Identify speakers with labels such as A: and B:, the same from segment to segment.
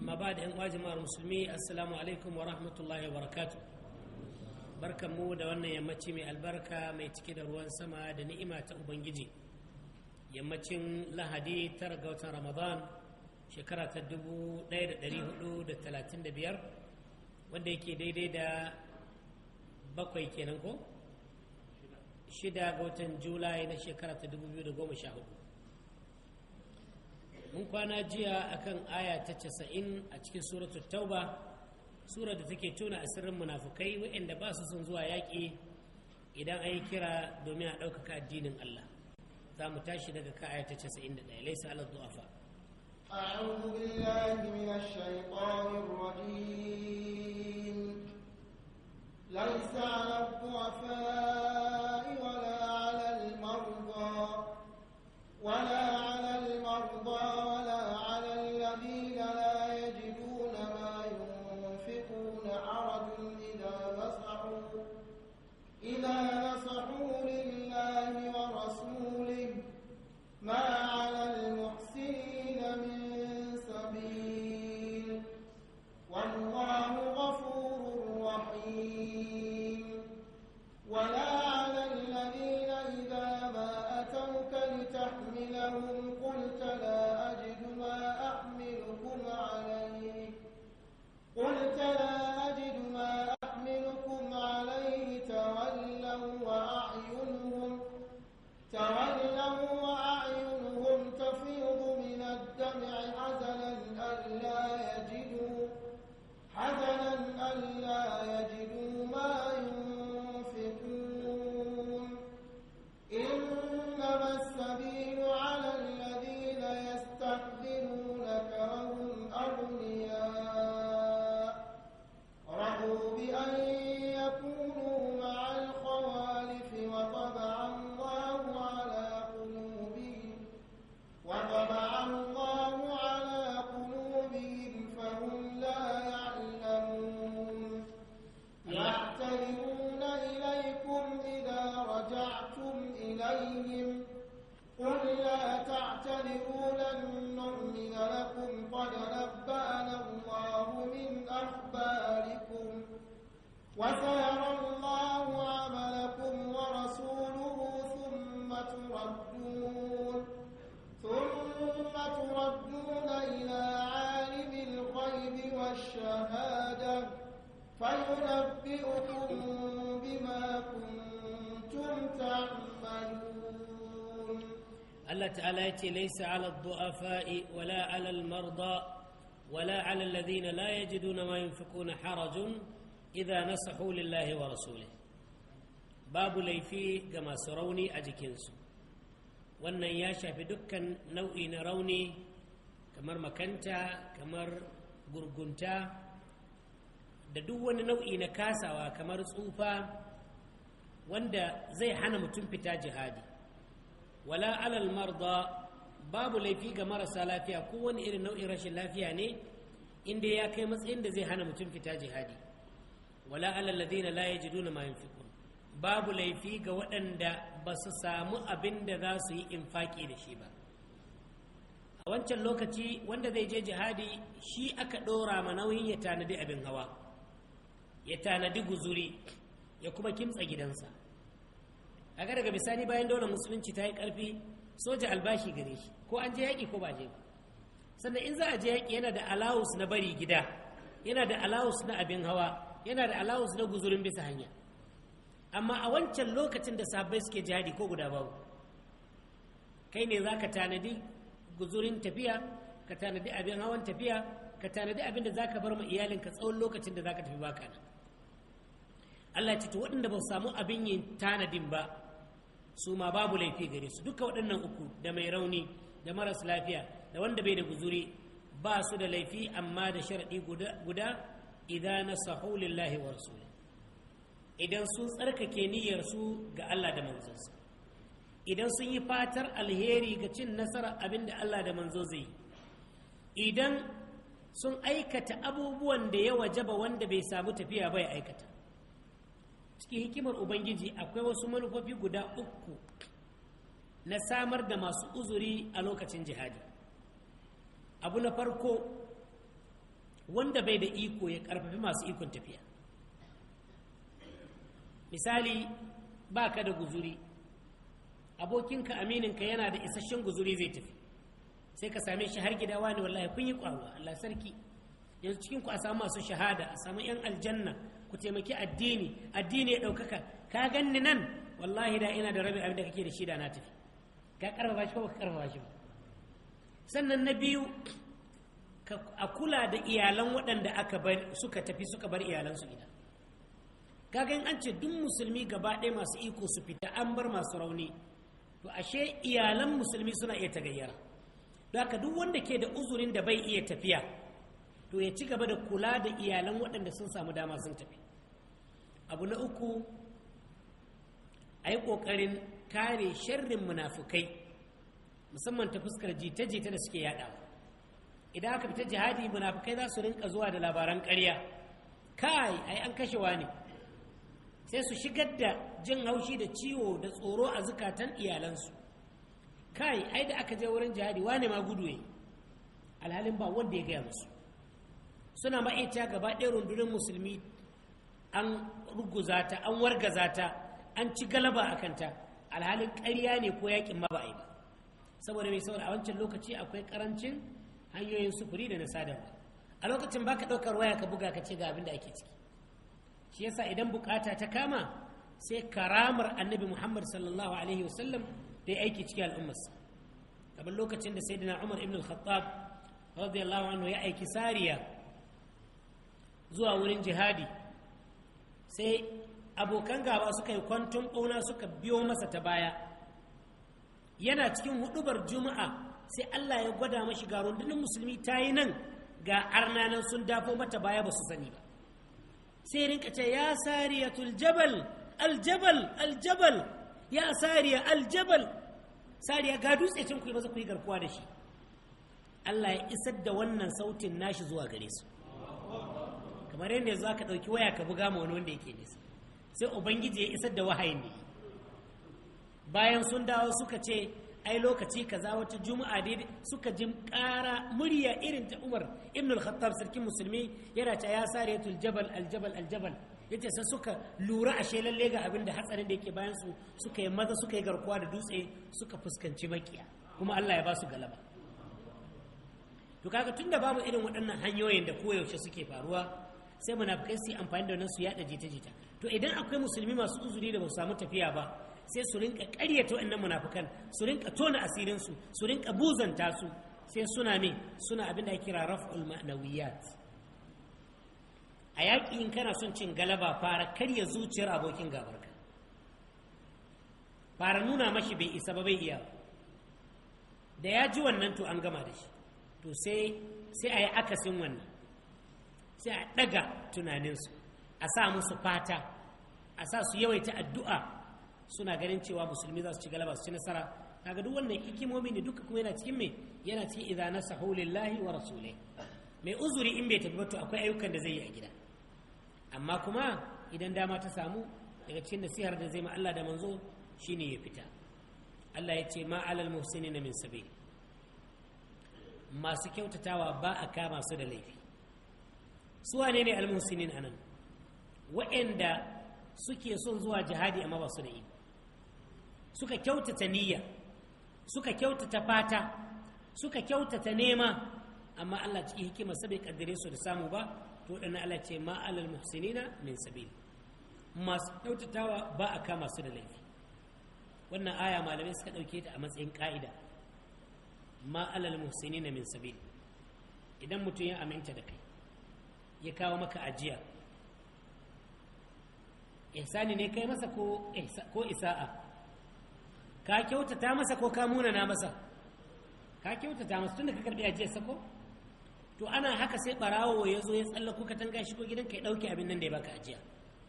A: amma ba da 'yan jama'ar musulmi assalamu alaikum wa rahmatullahi wa barakatu barkan mu da wannan yammaci mai albarka mai cike da ruwan sama da ni'ima ta ubangiji yammacin lahadi tara ga watan ramadan shekara ta biyar, wanda yake daidai da bakwai kenan ko shida ga watan julai na shekara ta 2014 mun kwana jiya akan aya ta casa'in a cikin suratu tauba sura da take tona sirrin munafukai waɗanda ba su son zuwa yaƙi idan an yi kira domin a ɗaukaka addinin Allah za mu tashi daga ka aya ta casa'in da ɗaya laisa ala zuwa fa
B: ليس على الضعفاء ولا على ولا على المرضى ولا على الذين لا يجدون ما ينفقون إذا إذا
A: Allah ta'ala ya ce laisa ala du'afa'i wala ala al-marda wala ala alladhina la yajiduna ma yunfiquna harajun idza nasahu lillahi wa rasulih babu laifi ga masu rauni a jikinsu wannan ya shafi dukkan nau'i na rauni kamar makanta kamar gurgunta da duk wani nau'i na kasawa kamar tsufa wanda zai hana mutum fita jihadi wala alal marda babu laifi ga marasa lafiya ko wani irin nau'in rashin lafiya ne inda ya kai matsayin da zai hana mutum fita jihadi wala alal ladina la yajiduna ma yunfiqun babu laifi ga waɗanda ba su samu abin da za su yi infaki da shi ba a wancan lokaci wanda zai je jihadi shi aka ɗora ma nauyin ya tanadi abin hawa ya tanadi guzuri ya kuma kimtsa gidansa A ga daga bisani bayan daular musulunci ta yi karfi soja albashi gare shi ko an je yaƙi ko ba je ba sannan in za a je yaƙi yana da alawus na bari gida yana da alawus na abin hawa yana da alawus na guzurin bisa hanya amma a wancan lokacin da sabai suke jihadi ko guda babu kai ne za ka tanadi guzurin tafiya ka tanadi abin hawan tafiya ka tanadi abin da za ka bar ma iyalinka tsawon lokacin da za ka tafi baka nan Allah ce to waɗanda ba su samu abin yin tanadin ba su ma babu laifi gare su duka waɗannan uku da mai rauni da maras lafiya da wanda bai da guzuri ba su da laifi amma da sharaɗi guda idan na sahulin lahiwar su idan sun tsarkake niyyarsu ga Allah da manzonsa idan sun yi fatar alheri ga cin nasara abin da Allah da manzo zai idan sun aikata abubuwan da ya wajaba wanda bai samu tafiya ba ya aikata cikin hikimar ubangiji akwai wasu manufofi guda uku na samar da masu uzuri a lokacin jihadi abu na farko wanda bai da iko ya karfafi masu ikon tafiya misali ba ka da guzuri abokinka amininka yana da isasshen guzuri zai tafi sai ka same shi har gida wani wallahi kun yi ƙwaruwa allah sarki yanzu cikin ku a samu masu shahada a samu 'yan aljanna ku taimaki addini addini ya ɗaukaka ka ganni nan wallahi da ina da rabin abin da kake da shi da na tafi ka karfafa shi ko ka karfafa shi sannan na biyu a kula da iyalan waɗanda aka bar suka tafi suka bar iyalansu gida ka gan an ce duk musulmi gaba ɗaya masu iko su fita an bar masu rauni to ashe iyalan musulmi suna iya tagayyara don haka duk wanda ke da uzurin da bai iya tafiya to ya ci gaba da kula da iyalan waɗanda sun samu dama sun tafi abu na uku a yi ƙoƙarin kare sharrin munafukai musamman ta fuskar jita-jita da suke yada idan aka fita jihadi munafukai za su rinka zuwa da labaran ƙarya kai ai an kashewa ne sai su shigar da jin haushi da ciwo da tsoro a zukatan iyalansu kai ai da aka je wurin jihadi wane ma gudu ne alhalin ba wanda ya gaya musu suna ma'aita gaba ɗaya rundunar musulmi an ruguza ta an wargaza ta an ci galaba a kanta alhalin ƙarya ne ko yakin ma ba a yi ba saboda mai saboda a wancan lokaci akwai karancin hanyoyin sufuri da na sadarwa a lokacin baka ɗaukar waya ka buga ka ce ga abin da ake ciki shi yasa idan bukata ta kama sai karamar annabi muhammad sallallahu alaihi wasallam da ya aiki ciki al'ummarsa kamar lokacin da sayyidina umar ibn al-khattab radiyallahu anhu ya aiki sariya zuwa wurin jihadi sai abokan gaba suka yi kwantun ɓauna suka biyo masa ta baya yana cikin hudubar juma'a sai allah ya gwada mashi ga rundunar musulmi ta yi nan ga arnanan sun dafo mata baya ba su sani ba sai rinka ce ya sariyatul jabal aljabal aljabal ya sariya aljabal sariya ga dutse can ku yi za ku yi garkuwa da shi allah ya isar da wannan sautin nashi zuwa gare su kamar yadda za ka ɗauki waya ka buga ma wani wanda yake nesa sai ubangiji ya isar da wahayin ne bayan sun dawo suka ce ai lokaci kaza wata juma'a dai suka jin ƙara murya irin ta umar ibn khattab sarkin musulmi yana ta ya sare jabal aljabal aljabal yace sai suka lura a ashe lalle ga abin da hatsarin da yake bayan su suka yi maza suka yi garkuwa da dutse suka fuskanci makiya kuma Allah ya ba su galaba to kaga tunda babu irin waɗannan hanyoyin da koyaushe suke faruwa sai munafukai su yi amfani da wannan su yada jita-jita to idan akwai musulmi masu uzuri da ba su samu tafiya ba sai su rinka ƙaryata wannan munafukan, su rinka tona asirin su su rinka buzanta su sai suna ne suna abin da ake kira raf'ul ma'nawiyat a yaƙi in kana son cin galaba fara karya zuciyar abokin gabarka fara nuna mashi bai isa ba bai iya da ya ji wannan to an gama da shi to sai sai a yi akasin wannan sai a ɗaga tunaninsu a sa musu fata a sa su yawaita addu'a suna ganin cewa musulmi za su ci galaba su ci nasara kaga duk wannan hikimomi ne duka kuma yana cikin me yana cikin idza nasahu lillahi wa rasulai mai uzuri in bai tafi ba to akwai ayyukan da zai yi a gida amma kuma idan dama ta samu daga cikin nasihar da zai ma Allah da manzo shine ya fita Allah ya ce ma alal na min sabil masu kyautatawa ba a kama su da laifi su ne ne almusinin anan waɗanda suke son zuwa jihadi amma ba su da iko suka kyautata niyya suka kyautata fata suka kyautata nema amma Allah ciki hikima sabai kaddare su da samu ba to dana Allah ce ma alal muhsinina min sabil masu kyautatawa ba a kama su da laifi wannan aya malamai suka ɗauke ta a matsayin ka'ida ma alal muhsinina min sabil idan mutum ya aminta da kai ya kawo maka ajiya ihsani ne kai masa ko isa'a ka kyautata masa ko ka munana masa ka kyautata masa da ka karbi ajiyar sako to ana haka sai barawo ya zo ya tsalla kuka tanga shi ko gidan ka ya dauke abin nan da ya baka ajiya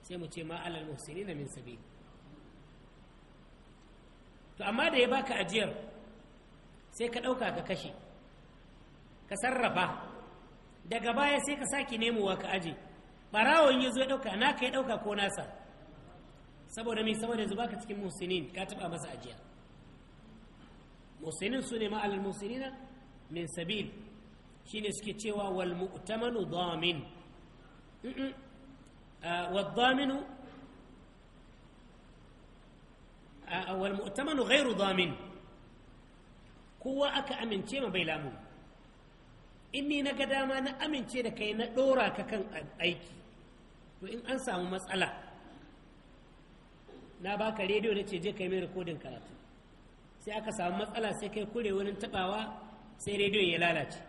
A: sai mu ce ma alal muhsinina min sabi to amma da ya baka ajiyar sai ka dauka ka kashe ka sarrafa daga baya sai ka sake nemowa ka aje barawon ya zo ya ɗauka na ka ya ɗauka ko nasa saboda mai saboda zuba ka cikin musulmin ka taɓa masa ajiya musulmin su ne ma'alar musulmina min sabil ne suke cewa wal mu'tamanu damin wal daminu wal mu'tamanu ghairu damin kowa aka amince ma bai lamu in ni na ga dama na amince da kai na ɗora ka kan aiki to in an samu matsala na baka rediyo na ce je kai mai rikodin karatu sai aka samu matsala sai kai kure wani tabawa sai rediyo ya lalace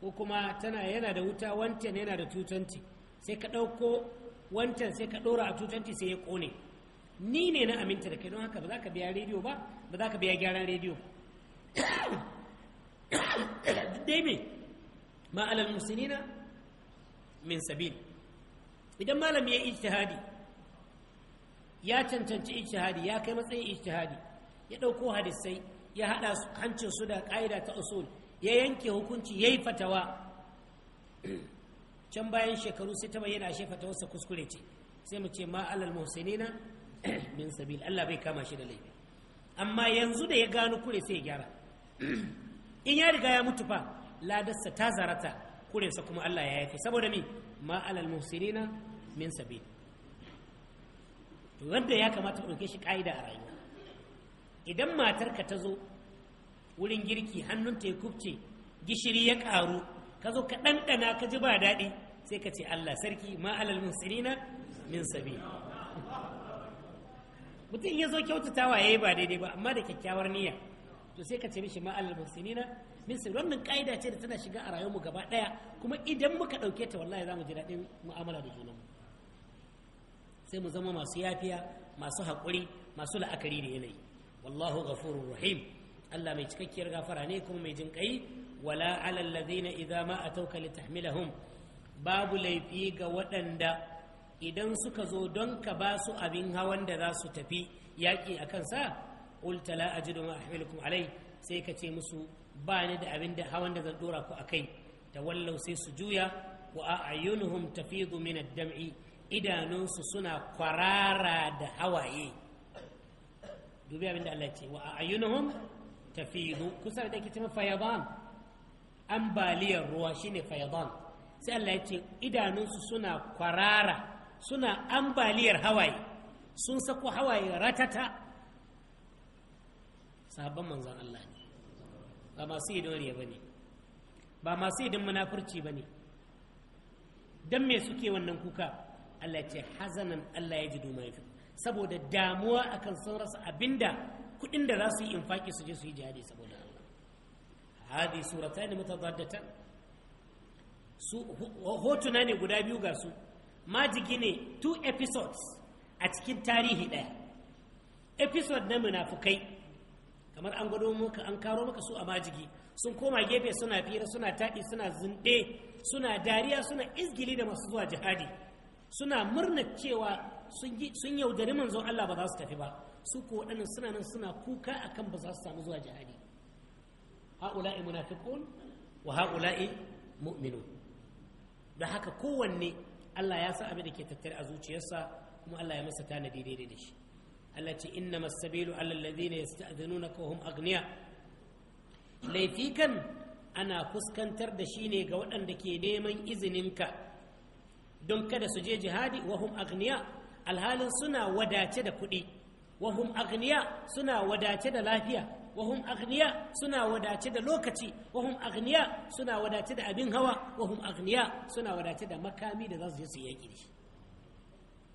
A: ko kuma tana yana da wuta wancan yana da tutanti sai ka ɗauko wancan sai ka ɗora a tutanti sai ya ƙone ni ne na aminta da kai don haka ba za ka biya rediyo ba ba za ka biya gyaran rediyo dai Ma'alal Musinina min idan malami ya ijtihadi ya cancanci ijtihadi ya kai matsayin ijtihadi ya ɗauko hadisai ya haɗa hancin su da ƙa'ida ta usul ya yanke hukunci ya yi fatawa can bayan shekaru sai ta bayyana ashe wasu kuskure ce sai mu ce ma alal muhsinina min sabil Allah bai kama shi da laifi amma yanzu da ya gano kure sai ya gyara in ya riga ya mutu fa ladarsa ta zarata kurensa kuma Allah ya yafi saboda mi ma alal min sabil to wanda ya kamata ku dauke shi kaida a rayuwa idan matarka ta zo wurin girki hannunta ya kubce gishiri ya karu ka zo ka ɗanɗana ka ji ba daɗi sai ka ce Allah sarki ma alal min sabil mutum ya zo kyautatawa ya yi ba daidai ba amma da kyakkyawar niyya to sai ka ce mishi ma alal muhsinina misali wannan kaida ce da tana shiga a rayuwarmu gaba ɗaya kuma idan muka ɗauke ta wallahi za mu ji daɗin mu'amala da mu sai mu zama masu yafiya masu haƙuri masu la'akari da yanayi wallahu ghafurur rahim Allah mai cikakkiyar gafara ne kuma mai jinƙai wala alal ladina idza ma atauka litahmilahum babu laifi ga waɗanda idan suka zo don ka ba su abin hawan da za su tafi yaƙi a kansa qul tala ajidu ma ahmilukum alai sai ka ce musu ba ni da abin da hawan da zan dora ku ta wallau sai su juya wa a'yunuhum tafidu min ad-dam'i idanunsu suna kwarara da hawaye dubi abin da Allah ce wa a'yunuhum tafidu kusa da kitin fayadan ambaliyar ruwa shine fayadan sai Allah ya ce idanunsu suna kwarara suna ambaliyar hawaye sun sako hawaye ratata sabon manzon Allah ne ba masu idoniya ba ne ba masu idin munafurci ba ne don me suke wannan kuka allah ce hazanan allah ya ji duma ya saboda damuwa akan sun rasa abinda kudin da za su yi infaki su je su yi jihadi saboda allah hadi surata ne mutadaddata su hotuna ne guda biyu ga su majigi ne two episodes a cikin tarihi ɗaya episode na munafukai kamar an gado muka an karo maka su a majigi sun koma gefe suna fira suna taɗi suna zunɗe suna dariya suna izgili da masu zuwa jihadi suna murna cewa sun yaudari manzo Allah ba za su tafi ba su ko waɗannan suna nan suna kuka akan ba za su samu zuwa jihadi ha'ula'i munafiqun wa ha'ula'i mu'minun da haka kowanne Allah ya sa abin da ke tattare a zuciyarsa kuma Allah ya masa tanadi daidai da shi Allah ce inna masabilu alalladi ne yasta'zinuna ka hum agniya laifi kan ana fuskantar da shi ne ga waɗanda ke neman izininka don kada su je jihadi wa hum agniya alhalin suna wadace da kuɗi wa hum agniya suna wadace da lokaci وهم أغنياء سنا wadace da abin hawa سنا وداتة أبن wadace da makami da وداتة مكامي لذلك يسيئي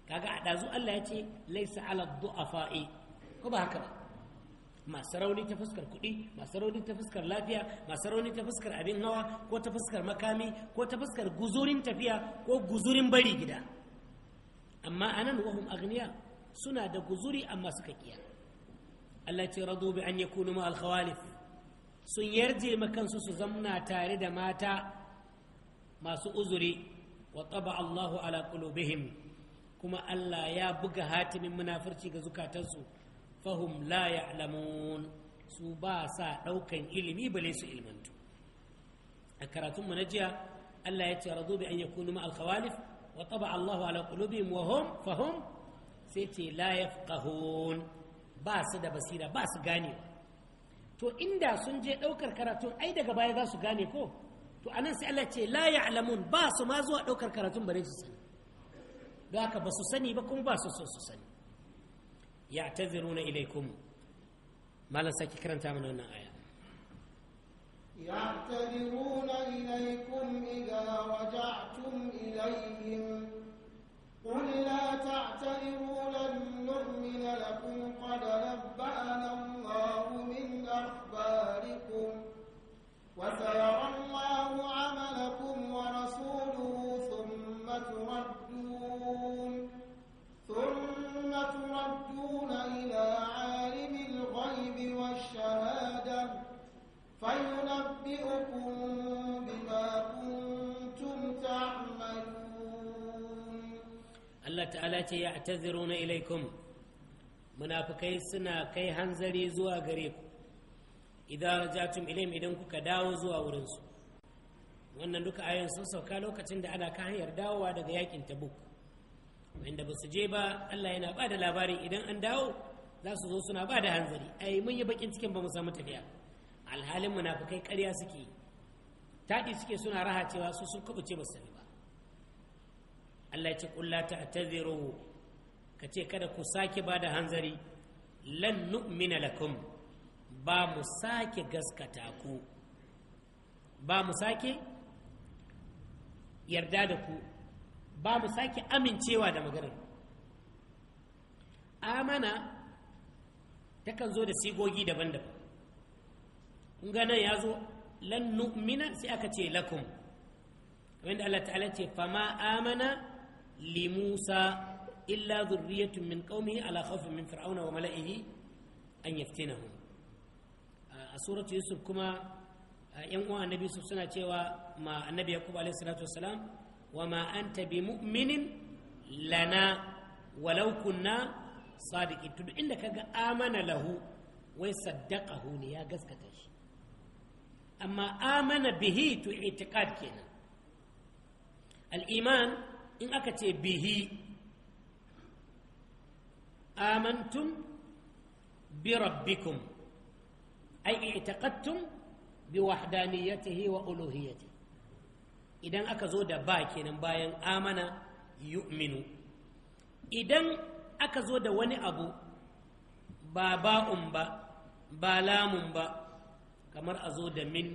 A: kaga a ɗazu Allah ya ce laisa ala du'afa'i ko ba haka ba masu rauni ta fuskar kuɗi masu rauni ta fuskar lafiya masu rauni ta fuskar abin hawa ko ta fuskar makami ko ta fuskar guzurin tafiya ko guzurin bari gida amma anan wahum agniya suna da guzuri amma suka kiya Allah ce radu bi an yakunu ma al sun yarje makansu su zamna tare da mata masu uzuri wa taba Allahu ala qulubihim kuma Allah ya buga hatimin munafurci ga zukatansu fahum la ya'lamun su ba sa ɗaukan ilimi bale su ilmantu a karatun mu na jiya Allah ya ce radu bi an yakunu ma al-khawalif wa taba Allahu ala qulubihim wa hum fahum sai ce la yafqahun ba su da basira ba su ganewa to inda sun je ɗaukar karatun ai daga baya za su gane ko to anan sai Allah ce la ya'lamun ba su ma zuwa ɗaukar karatun bare su sani ذاك haka ba su sani ba kuma ba su so su sani ya ilaikum karanta mana wannan aya
B: يعتذرون إليكم إذا رجعتم إليهم قل لا تعتذروا لن نؤمن لكم قد نبأنا الله من أخباركم وسيرى الله عملكم تردون إلى عالم الغيب والشهادة فينبئكم بما كنتم تعملون
A: الله تعالى يعتذرون إليكم munafukai suna kai hanzari zuwa gare ku idan rajatum ilim idan kuka dawo zuwa wurinsu wannan duka ayan sun sauka lokacin da ana ka hanyar dawowa daga yakin tabuk wanda ba su je ba Allah yana ba da labari idan an dawo za su zo suna ba da hanzari ai mun yi bakin cikin ba mu samu tafiya alhalin munafukai karya suke taɗi suke suna raha cewa su sun kubuce ba su ba Allah ya ce kulla ta'taziru ka ce kada ku sake ba da hanzari lan nu'mina lakum ba mu sake gaskata ku ba mu sake yarda da ku babu sake amincewa da maganar amana takan zo da sigogi daban-daban ganan ya zo lan nu'mina sai aka ce lakum wanda Allah ta'ala ce fama amana li Musa illa zurriyatun min qaumihi ala khawfin min fir'auna wa mala'ihi an yaftinahum a suratu yusuf kuma yan uwa annabi yusuf suna cewa ma annabi yaqub alaihi salatu wassalam وما أنت بمؤمن لنا ولو كنا صادقين تدو إنك آمن له وصدقه نيا قزكتش أما آمن به تو اعتقاد كينا الإيمان إن أكتي به آمنتم بربكم أي اعتقدتم بوحدانيته وألوهيته idan aka zo da ba kenan bayan amana yu'minu idan aka zo da wani abu ba ba'un ba ba lamun ba kamar a zo da min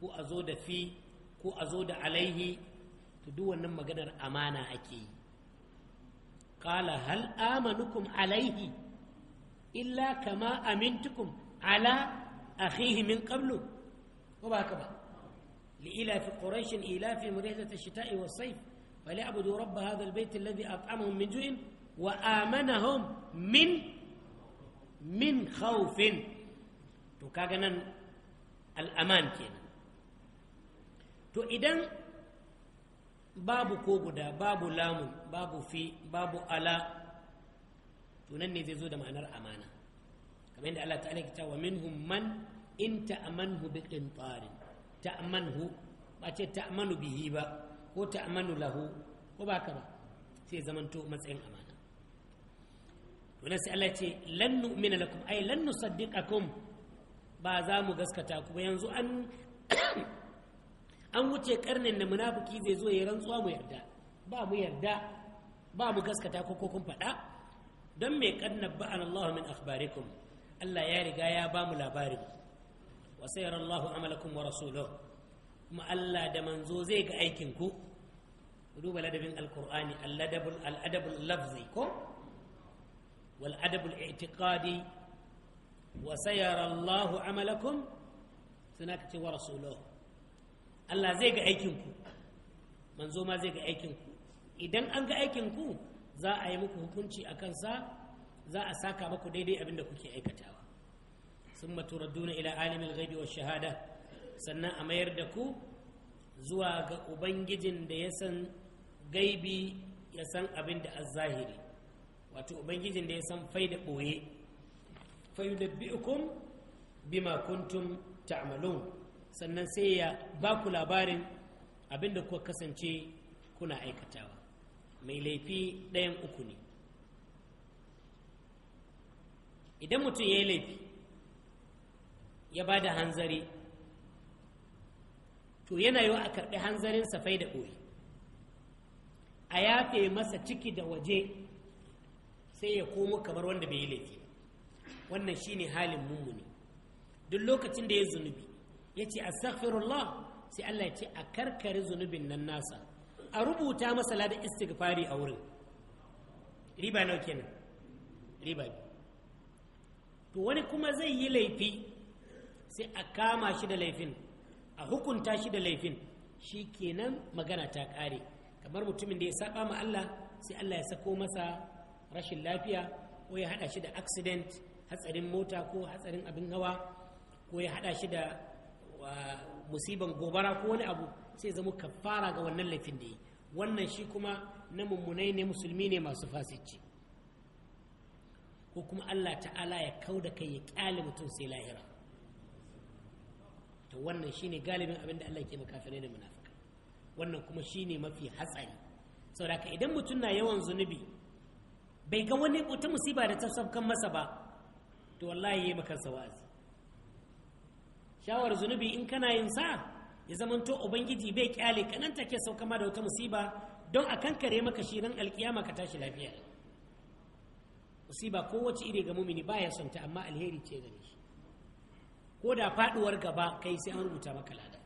A: ko a zo da fi ko a zo da alaihi to duk wannan maganar amana ake yi qala hal amanukum alaihi illa kama amintukum ala akhihi min qablu ko ba haka ba لإلاف قريش إلاف مرهزة الشتاء والصيف فليعبدوا رب هذا البيت الذي أطعمهم من جوع وآمنهم من من خوف تكاغنا الأمان كينا تو إذن باب كوبدا دا باب لام باب في باب ألا تنني ذي زود معنى الأمانة كما إن الله تعالى ومنهم من إن تأمنه بقنطار ta'manhu ba ce ta'manu bihi ba ko ta'manu lahu ko ba ka ba sai zamanto matsayin amana wannan sai Allah ce lan nu'mina lakum ay lan nusaddiqakum ba za mu gaskata ku ba yanzu an an wuce karnin da munafiki zai zo ya rantsuwa mu yarda ba mu yarda ba mu gaskata ko ko kun faɗa don me qad nabba'ana Allah min akhbarikum Allah ya riga ya ba mu labarin wa sayara Allahu amalakum wa rasuluhu kuma Allah da manzo zai ga aikin ku duba ladabin alqur'ani alladabul aladabul lafzi ko wal adabul i'tiqadi wa Allahu amalakum suna ka ce wa rasuluhu Allah zai ga aikin ku manzo ma zai ga aikin ku idan an ga aikin ku za a yi muku hukunci a kansa za a saka muku daidai abin da kuke aikatawa Sun alimin wa shahada sannan ila a mayar da ku zuwa ga ubangijin da ya san gaibi ya san abin da azahiri wato ubangijin da ya san fai da ɓoye fayunabbi'ukum bima kuntum ta'malun sannan sai ya ba ku labarin abin da kuka kasance kuna aikatawa mai laifi ɗayan uku ne idan mutum ya yi laifi ya ba da hanzari to yana yiwa a karɓi hanzarin safai da ɓoye a yafe masa ciki da waje sai ya komo kamar wanda bai yi laifi wannan shine halin mummuni duk lokacin da ya zunubi ya ce a sai Allah ya ce a karkari zunubin nan nasa a rubuta masa ladan istighfari a wurin riba nawa kenan riba to wani kuma zai yi laifi sai a kama shi da laifin a hukunta shi da laifin shi kenan magana ta ƙare kamar mutumin da ya saba ma Allah sai Allah ya sako masa rashin lafiya ko ya haɗa shi da accident hatsarin mota ko hatsarin abin hawa ko ya haɗa shi da musiban gobara ko wani abu sai zama kafara ga wannan laifin da yi wannan shi kuma na mummunai ne musulmi ne masu fasici ko kuma Allah ta'ala ya kau da kai ya kyale mutum sai lahira to wannan shine galibin abin da Allah ke makafirai da munafika wannan kuma shine mafi hatsari ka idan mutum na yawan zunubi bai ga wani wata musiba da ta sabkan masa ba to wallahi ya maka wa'azi shawar zunubi in kana yin sa ya zamanto ubangiji bai kyale kanan take sauka ma da wata musiba don a kankare maka shi ran alkiyama ka tashi lafiya musiba kowace iri ga mumini baya son ta amma alheri ce gare shi ko da faduwar gaba kai sai an rubuta maka lada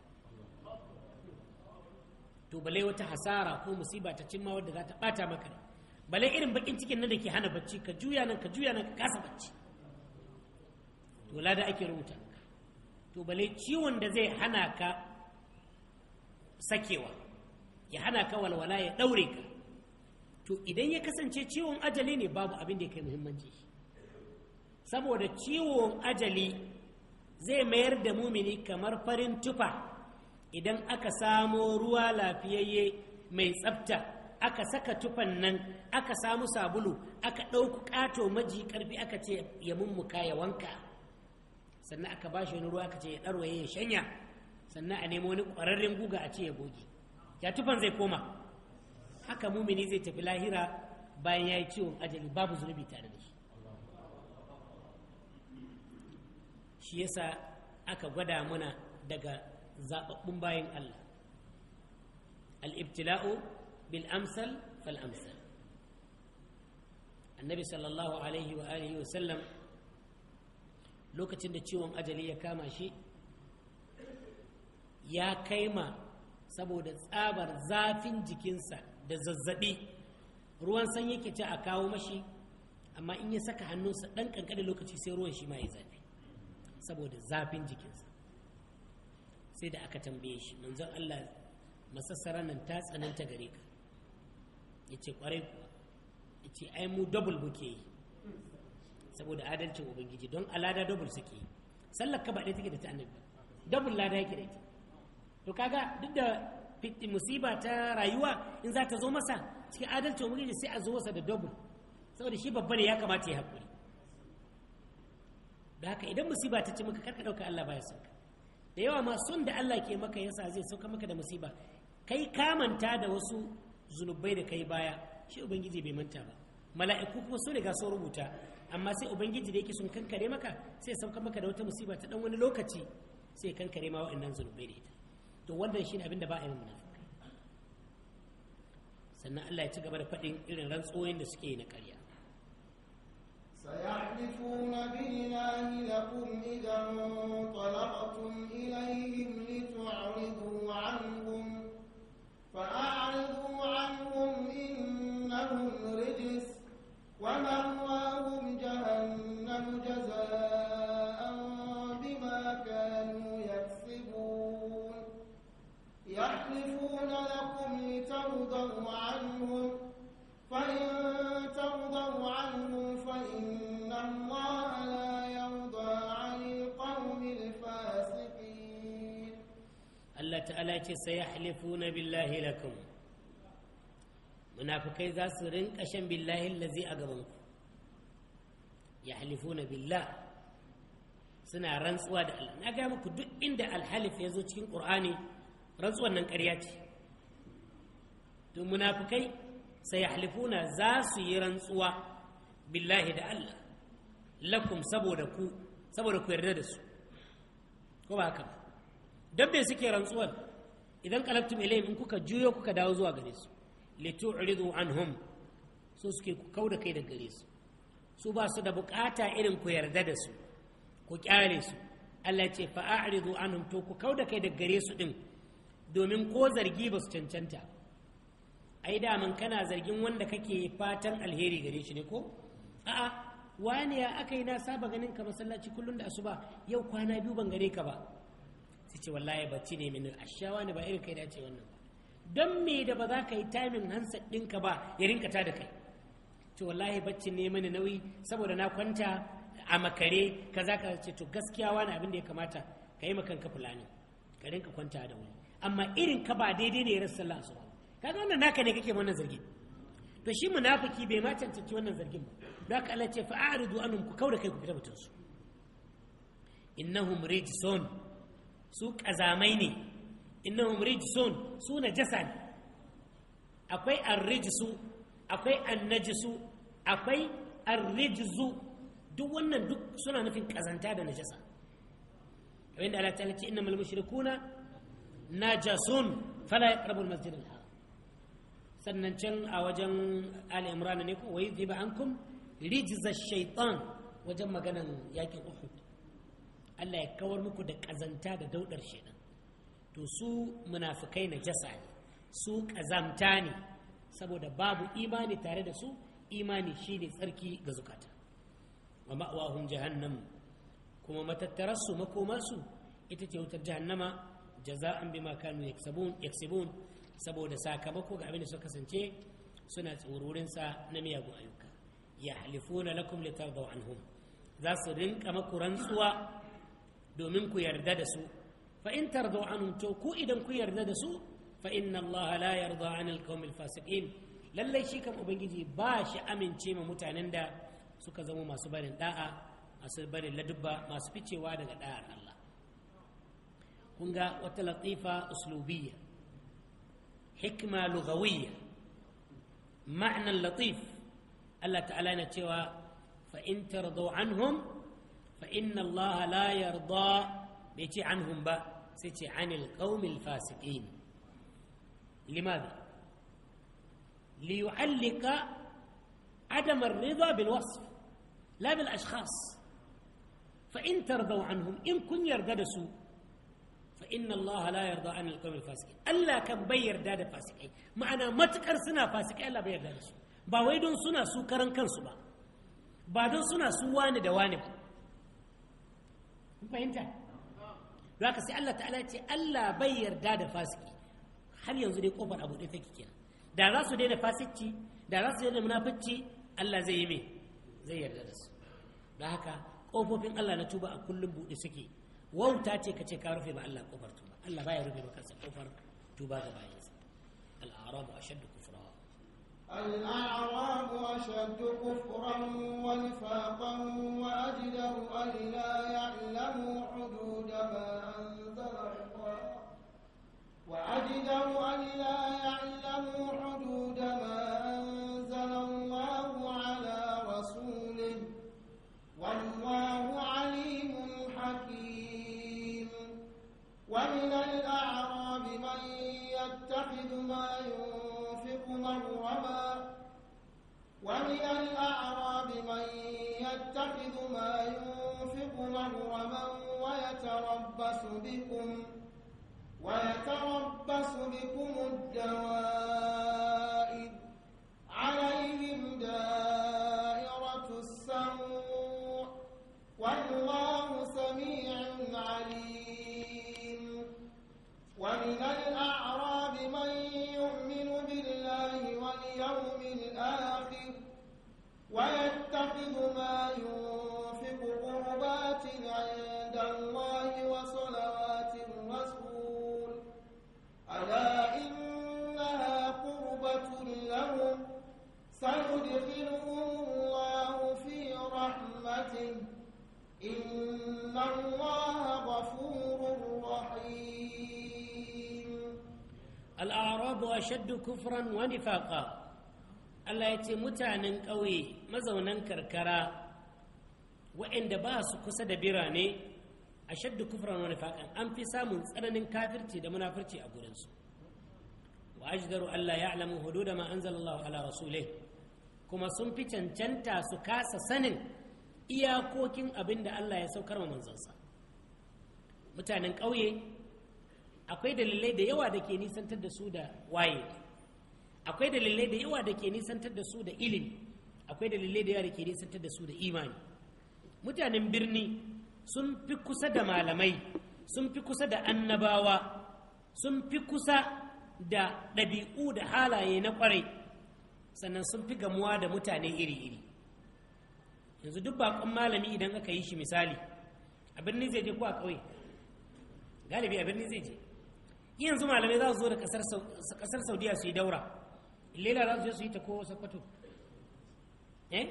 A: to balai wata hasara ko musiba ta cimma wadda za ta bata maka ne balai irin bakin cikin nan da ke hana bacci ka juya nan ka juya nan ka kasa bacci to lada ake rubuta to balai ciwon da zai hana ka sakewa ya hana ka walwala ya daure ka to idan ya kasance ciwon ajali ne babu abin da ya kai muhimmanci saboda ciwon ajali zai mayar da mumini kamar farin tufa idan aka samo ruwa lafiyayye mai tsafta aka saka tufan nan aka samu sabulu aka ɗauku ƙato maji ƙarfi aka ce ya mummuka ya wanka sannan aka ba shi wani ruwa aka ce ya ɗarwaye ya shanya sannan a nemo wani ƙwararren guga a ce ya goge ya tufan zai koma haka mumini zai tafi lahira bayan ya yi ciwon ajali babu zunubi tare da shi yasa aka gwada mana daga zaɓaɓɓun bayan Allah al-ibtila'u bil amsal fal amsal annabi sallallahu alaihi wa alihi wa sallam lokacin da ciwon ajali ya kama shi ya kai ma saboda tsabar zafin jikinsa da zazzaɓi ruwan sanyi ke ci a kawo mashi amma in ya saka hannunsa ɗan ƙanƙanin lokaci sai ruwan shi ma ya saboda zafin jikinsa sai da aka tambaye shi manzon Allah masassara nan ta tsananta gare ka ya ce kwarai kuwa ya ce ai mu double muke yi saboda adalcin ubangiji don alada double suke yi sallar ka ba ɗaya take da ta annabi double lada yake da ita to kaga duk da musiba ta rayuwa in za ta zo masa cikin adalcin ubangiji sai a zo masa da double saboda shi babba ne ya kamata ya haƙuri da haka idan musiba ta ci maka karka ɗauka Allah baya sauka da yawa ma sun da Allah ke maka yasa zai sauka maka da musiba kai ka manta da wasu zunubai da kai baya shi ubangiji bai manta ba mala'iku kuma sun riga sun rubuta amma sai ubangiji da yake sun kankare maka sai sauka maka da wata musiba ta dan wani lokaci sai kankare ma wa'annan zunubai da ita to wannan shine abin da ba a yi munafiki sannan Allah ya ci gaba da faɗin irin rantsoyin da suke yi na ƙarya
B: فيحلفون بالله لكم إذا انطلقتم إليهم لتعرضوا عنهم فأعرضوا عنهم إنهم رجس ومأواهم جهنم جزاء
A: ta'ala ce sai ya halifuna billahi lakum munafikai za su rinka shan billahi lazi a gabanku ya billah suna rantsuwa da Allah na ga muku duk inda alhalif ya zo cikin ƙur'ani rantsuwan nan ƙarya ce to munafikai sai halifuna za su yi rantsuwa billahi da Allah lakum saboda ku saboda ku yarda da su ko ba haka ba don me suke rantsuwar, idan kalabtum ilayhim in kuka juyo kuka dawo zuwa gare su litu'ridu anhum so suke ku kauda kai da gare su su ba su da bukata irin ku yarda da su ku kyale su Allah ce fa'aridu anhum to ku kauda kai da gare su din domin ko zargi ba su cancanta ai daman kana zargin wanda kake fatan alheri gare shi ne ko a'a wani ya aka yi na saba ganin ka masallaci kullum da asuba yau kwana biyu ban gare ka ba sai ce wallahi bacci ne min ashawa ne ba irin kai dace wannan ba don me da ba za ka yi tamin' hansa ɗinka ba ya rinka ta da kai to wallahi bacci ne mani nauyi saboda na kwanta a makare ka za ka ce to gaskiya wani abin da ya kamata ka yi makanka fulani ka rinka kwanta da wani. amma irin ka ba daidai ne ya rasa sallah su kaga wannan naka ne kake wannan zargin to shi munafiki bai ma cancanci wannan zargin ba don haka Allah ce fa'aridu anhum ku kauda kai ku fita mutunsu innahum rijsun su ƙazamai ne innahum rijsun su najasa ne akwai arrijsu akwai annajisu akwai arrijzu duk wannan duk suna nufin ƙazanta da najasa abinda Allah ta ce innamal mushrikuna najasun fala yaqrabu al-masjid al-haram sannan can a wajen al-imran ne ko wa yadhiba ankum rijza ash-shaytan wajen maganan yakin uhud Allah ya kawar muku da ƙazanta da daudar shedan to su munafikai jasa ne su ƙazamta ne saboda babu imani tare da su imani shi ne tsarki ga zukata wa ma'awahun jahannam kuma matattararsu makomarsu ita ce wutar jahannama jaza'an bi kanu yaksibun saboda sakamako ga abin da suka kasance suna tsororinsa na miyagun ayyuka ya halifuna lakum da anhum za su rinka maku rantsuwa domin ku yarda da su fa in to ku idan ku yarda da su fa inna allaha la yarda anil qawmil fasikin lallai shi kan ubangiji ba shi amince ma mutanen da suka zama masu barin da'a masu barin ladubba masu ficewa daga da'ar Allah kun ga wata latifa uslubiyya hikma lugawiyya ma'anan latif Allah ta'ala na cewa fa in tardu anhum fa inna Allah la yarda bai ce anhum ba sai ce anil qaumil fasiqin limadha li yu'allika عدم الرضا بالوصف لا بالأشخاص فإن ترضوا عنهم إن كن يرددسوا فإن الله لا يرضى عن القوم الفاسقين ألا كان بير داد فاسقين معنا ما تكر سنة فاسقين ألا بير داد سو باوي دون سنة سو كرن كان سبا بعدون سنة سو واني دواني با fahimta haka sai Allah ta'ala ce Allah bai yarda da fasiki har yanzu dai kofar abu ɗaya take kenan da za su daina fasici da za su daina munafici Allah zai yi me zai yarda da su da haka kofofin Allah na tuba a kullum buɗe suke wauta ce ka ce ka rufe ba Allah kofar tuba Allah baya rufe ba kansa kofar tuba ga bayansa al'arabu ashaddu
B: الأعراب أشد كفرا ونفاقا وأجدر أن لا يعلموا حدود ما أنزل الله
A: kufran wa nifaqa Allah ya ce mutanen ƙauye mazaunan karkara waɗanda ba su kusa da birane a shaddu kufran wa nifaƙan an fi samun tsananin kafirci da munafirci a gurinsu wa ajdaru Allah ya alamu hudu da ma'anzalallahu ala rasulai kuma sun fi cancanta su kasa sanin iyakokin abinda Allah ya saukar wa manzansa mutanen ƙauye akwai dalilai da yawa da ke nisantar da su da waye akwai dalilai da yawa da ke nisantar da su da ilimi akwai dalilai da yawa da ke nisantar da su da imani mutanen birni sun fi kusa da malamai sun fi kusa da annabawa sun fi kusa da ɗabi'u da halaye na ƙwarai sannan sun fi gamuwa da mutane iri-iri yanzu duk baƙon malami idan aka yi shi misali a birni zai je ko a ƙauye galibi a birni zai je yanzu malamai za su zo da ƙasar saudiya su yi daura lela ra su su yi ta ko sakwato eh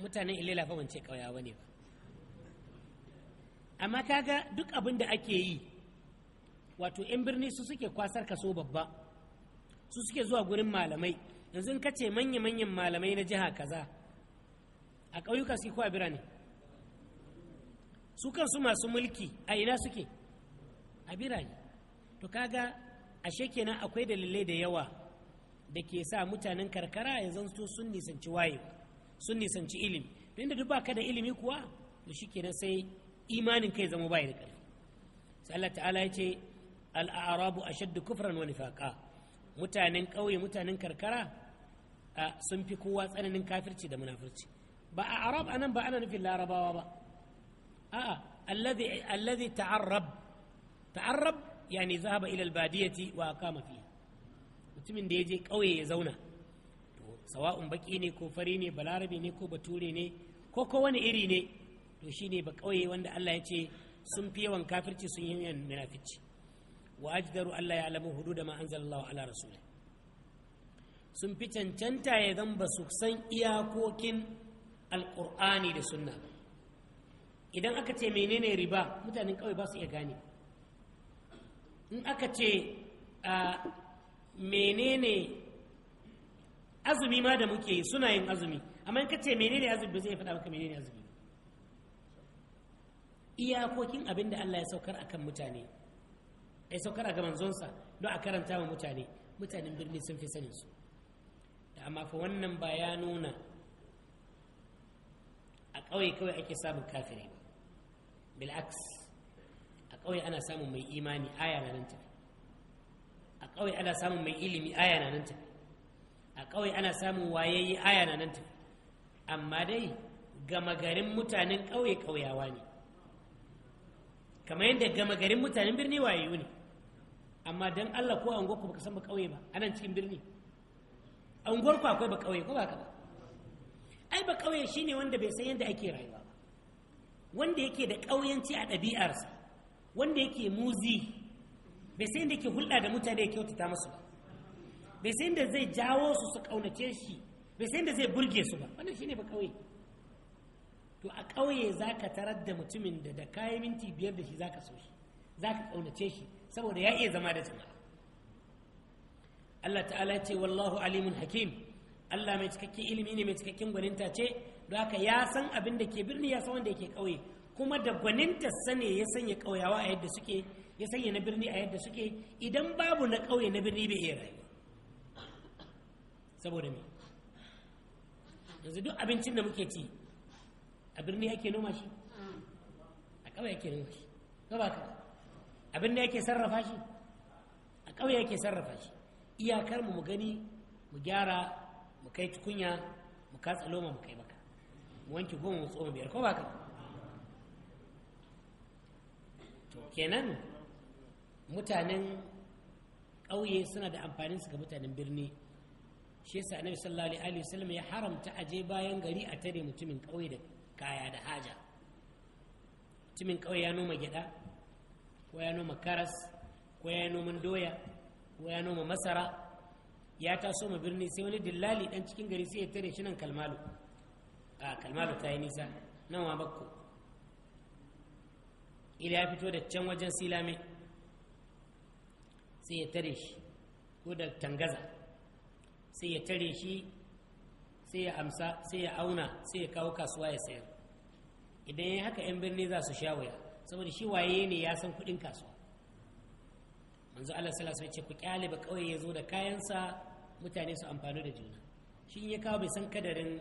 A: mutanen ilela fa wance kawaya wane ba amma kaga duk abin da ake yi wato 'yan birni su suke kwasar kaso babba su suke zuwa gurin malamai yanzu in kace manya-manyan malamai na jiha kaza a ƙauyuka suke a birane su kansu masu mulki a ina suke a birane to kaga ashe kenan akwai dalilai da yawa da ke sa mutanen karkara ya zanto sun nisanci wayewa sun nisanci ilimi don da duk ba ka da ilimi kuwa to shikenan sai imanin kai zama bai da ƙarfi sai Allah ta'ala ya ce al'arabu ashaddu kufran wa nifaqa mutanen ƙauye mutanen karkara sun fi kowa tsananin kafirci da munafurci ba a arab anan ba ana nufin larabawa ba a'a alladhi alladhi ta'arrab ta'arrab yani zahaba ila al-badiyati wa aqama fiha mutumin da ya je ƙauye ya zauna to sawa'un baki ne ko fari ne balarabe ne ko bature ne ko ko wani iri ne to shi ne ba ƙauye wanda Allah ya ce sun fi yawan kafirci sun yi yawan munafici wa ajdaru Allah ya alamu hudu da ma anzalallahu ala rasulih sun fi cancanta ya zan ba su san iyakokin alƙur'ani da sunna idan aka ce menene riba mutanen kawai ba su iya gane in aka ce ah, menene azumi ma da muke yi suna yin azumi amma in ka ce menene azumi ba zai faɗa maka menene azumi iyakokin abin da Allah ya saukar akan mutane ya saukar a ga sa don a karanta wa mutane mutanen birni sun fi sanin su da amma fa wannan ba ya nuna a ƙauye kawai ake samun kafiri ba bil'aks a ƙauye ana samun mai imani aya na nan ta. a ana samun mai ilimi aya na nan tafi a kawai ana samun wayayi aya na nan tafi amma dai gama garin mutanen ƙauye ƙauyawa ne kamar yadda gama garin mutanen birni wayayu ne amma don Allah ko anguwar ku baka san ba ƙauye ba anan cikin birni anguwar ku akwai ba ƙauye ko ba ka ba ai ba ƙauye shine wanda bai san yadda ake rayuwa ba wanda yake da ƙauyanci a ɗabi'arsa wanda yake muzi bai sai inda ke hulɗa da mutane ya kyautata masu ba bai sai inda zai jawo su su ƙaunace shi bai sai inda zai burge su ba wannan shine ba ƙauye to a ƙauye za ka tarar da mutumin da da kayan minti biyar da shi za ka so shi za ka ƙaunace shi saboda ya iya zama da jama'a Allah ta'ala ce wallahu alimun hakim Allah mai cikakke ilimi ne mai cikakken gwaninta ce don haka ya san abin da ke birni ya san wanda yake ƙauye kuma da gwaninta sane ya sanya ƙauyawa a yadda suke ya sanya na birni a yadda suke idan babu na ƙauye na birni bai iya rayuwa saboda me yanzu duk abincin da muke ci a birni ake noma shi a ƙauye ake noma shi ba ba abin da yake sarrafa shi a ƙauye yake sarrafa shi iyakar mu mu gani mu gyara mu kai tukunya mu katsa loma mu kai maka mu wanke goma mu tsoma biyar ko ba ka to kenan mutanen ƙauye suna da amfanin su ga mutanen birni shi yasa annabi sallallahu alaihi wasallam ya haramta a je bayan gari a tare mutumin ƙauye da kaya da haja mutumin ƙauye ya noma gyada ko ya noma karas ko ya noma doya ko ya noma masara ya taso ma birni sai wani dillali dan cikin gari sai ya tare shi nan kalmalo a kalmalo ta yi nisa nan wa bakko ila ya fito da can wajen silame sai ya tare shi ko da tangaza sai ya tare shi sai ya amsa sai ya auna sai ya kawo kasuwa ya sayar idan ya haka 'yan birni za su sha wuya saboda shi waye ne ya san kuɗin kasuwa manzo Allah sallallahu alaihi ce ku kyale ba kauye ya zo da kayansa mutane su amfani da juna shi ya kawo bai san kadarin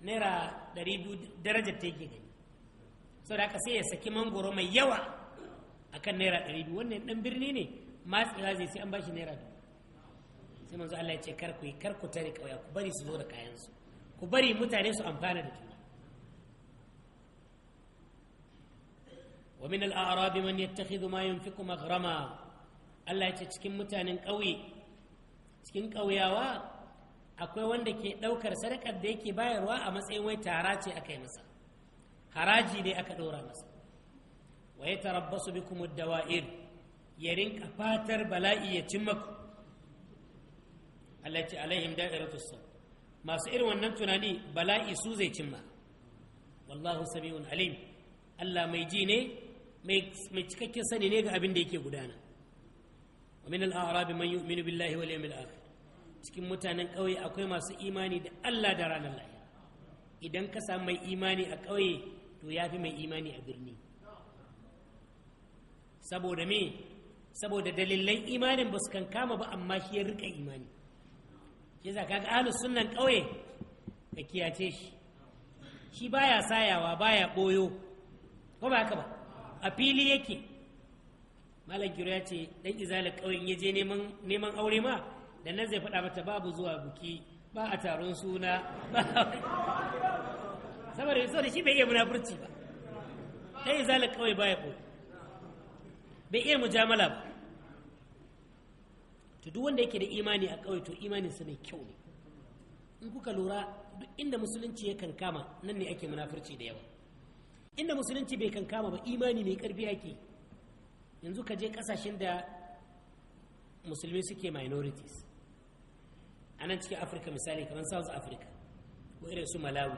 A: naira 200 biyu darajar ta yake gani saboda haka sai ya saki mangoro mai yawa akan naira ɗari biyu wannan dan birni ne matsewa zai sai an bashi naira dubu sai manzo Allah ya ce kar ku kar ku tare kauya ku bari su zo da kayan su ku bari mutane su amfana da juna wa min al-a'rab man yattakhidhu ma yunfiqu maghrama Allah ya ce cikin mutanen ƙauye cikin ƙauyawa akwai wanda ke ɗaukar sadakar da yake bayarwa a matsayin wai tara ce aka yi masa haraji ne aka ɗora masa wa ya tarabbasu bikum dawa'ir ya rinka fatar bala'i ya cin maku Allah alaihim da'iratus sa masu irin wannan tunani bala'i su zai cimma wallahu sami'un alim Allah mai ji ne mai cikakken sani ne ga abin da yake gudana wa min al-a'rab man yu'minu billahi wal yawmil akhir cikin mutanen kauye akwai masu imani da Allah da ranar lahira idan ka samu mai imani a kauye to yafi mai imani a birni saboda me saboda dalilan imanin ba su kan kama ba amma shi ya rika imani shi za ka ga sunan sunnan ƙauye ka kiyace shi shi baya sayawa baya ɓoyo ko ba haka ba a fili yake malam giro ya ce dan izali ƙauyen ya je neman aure ma da nan zai faɗa mata babu zuwa buki ba a taron suna ba saboda shi bai iya munafurci ba dan izala ƙauye baya ɓoyo bai iya mujamala ba to duk wanda yake da imani a ƙauye to imaninsa mai kyau ne in kuka lura duk inda musulunci ya kankama nan ne ake munafurci da yawa inda musulunci bai kankama ba imani mai karfi ake yanzu ka je kasashen da musulmi suke minorities a nan cikin afirka misali kamar south africa ko irin su malawi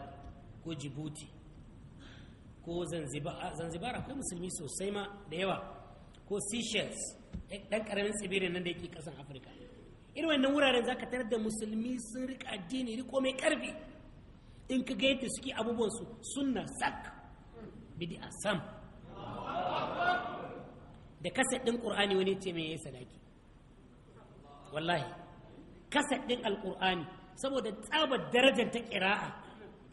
A: ko jibuti ko zanzibar akwai musulmi sosai ma da yawa ko seychelles eh, ɗan ƙaramin tsibirin nan da yake ƙasan afirka irin wannan wuraren zaka tarar da musulmi sun riƙa addini riko mai ƙarfi in ka ga yadda suke abubuwan su sunna sak bid'a sam da kaset ɗin ƙur'ani wani ce mai yayi sadaki wallahi kaset ɗin alƙur'ani saboda tsabar darajar ta ƙira'a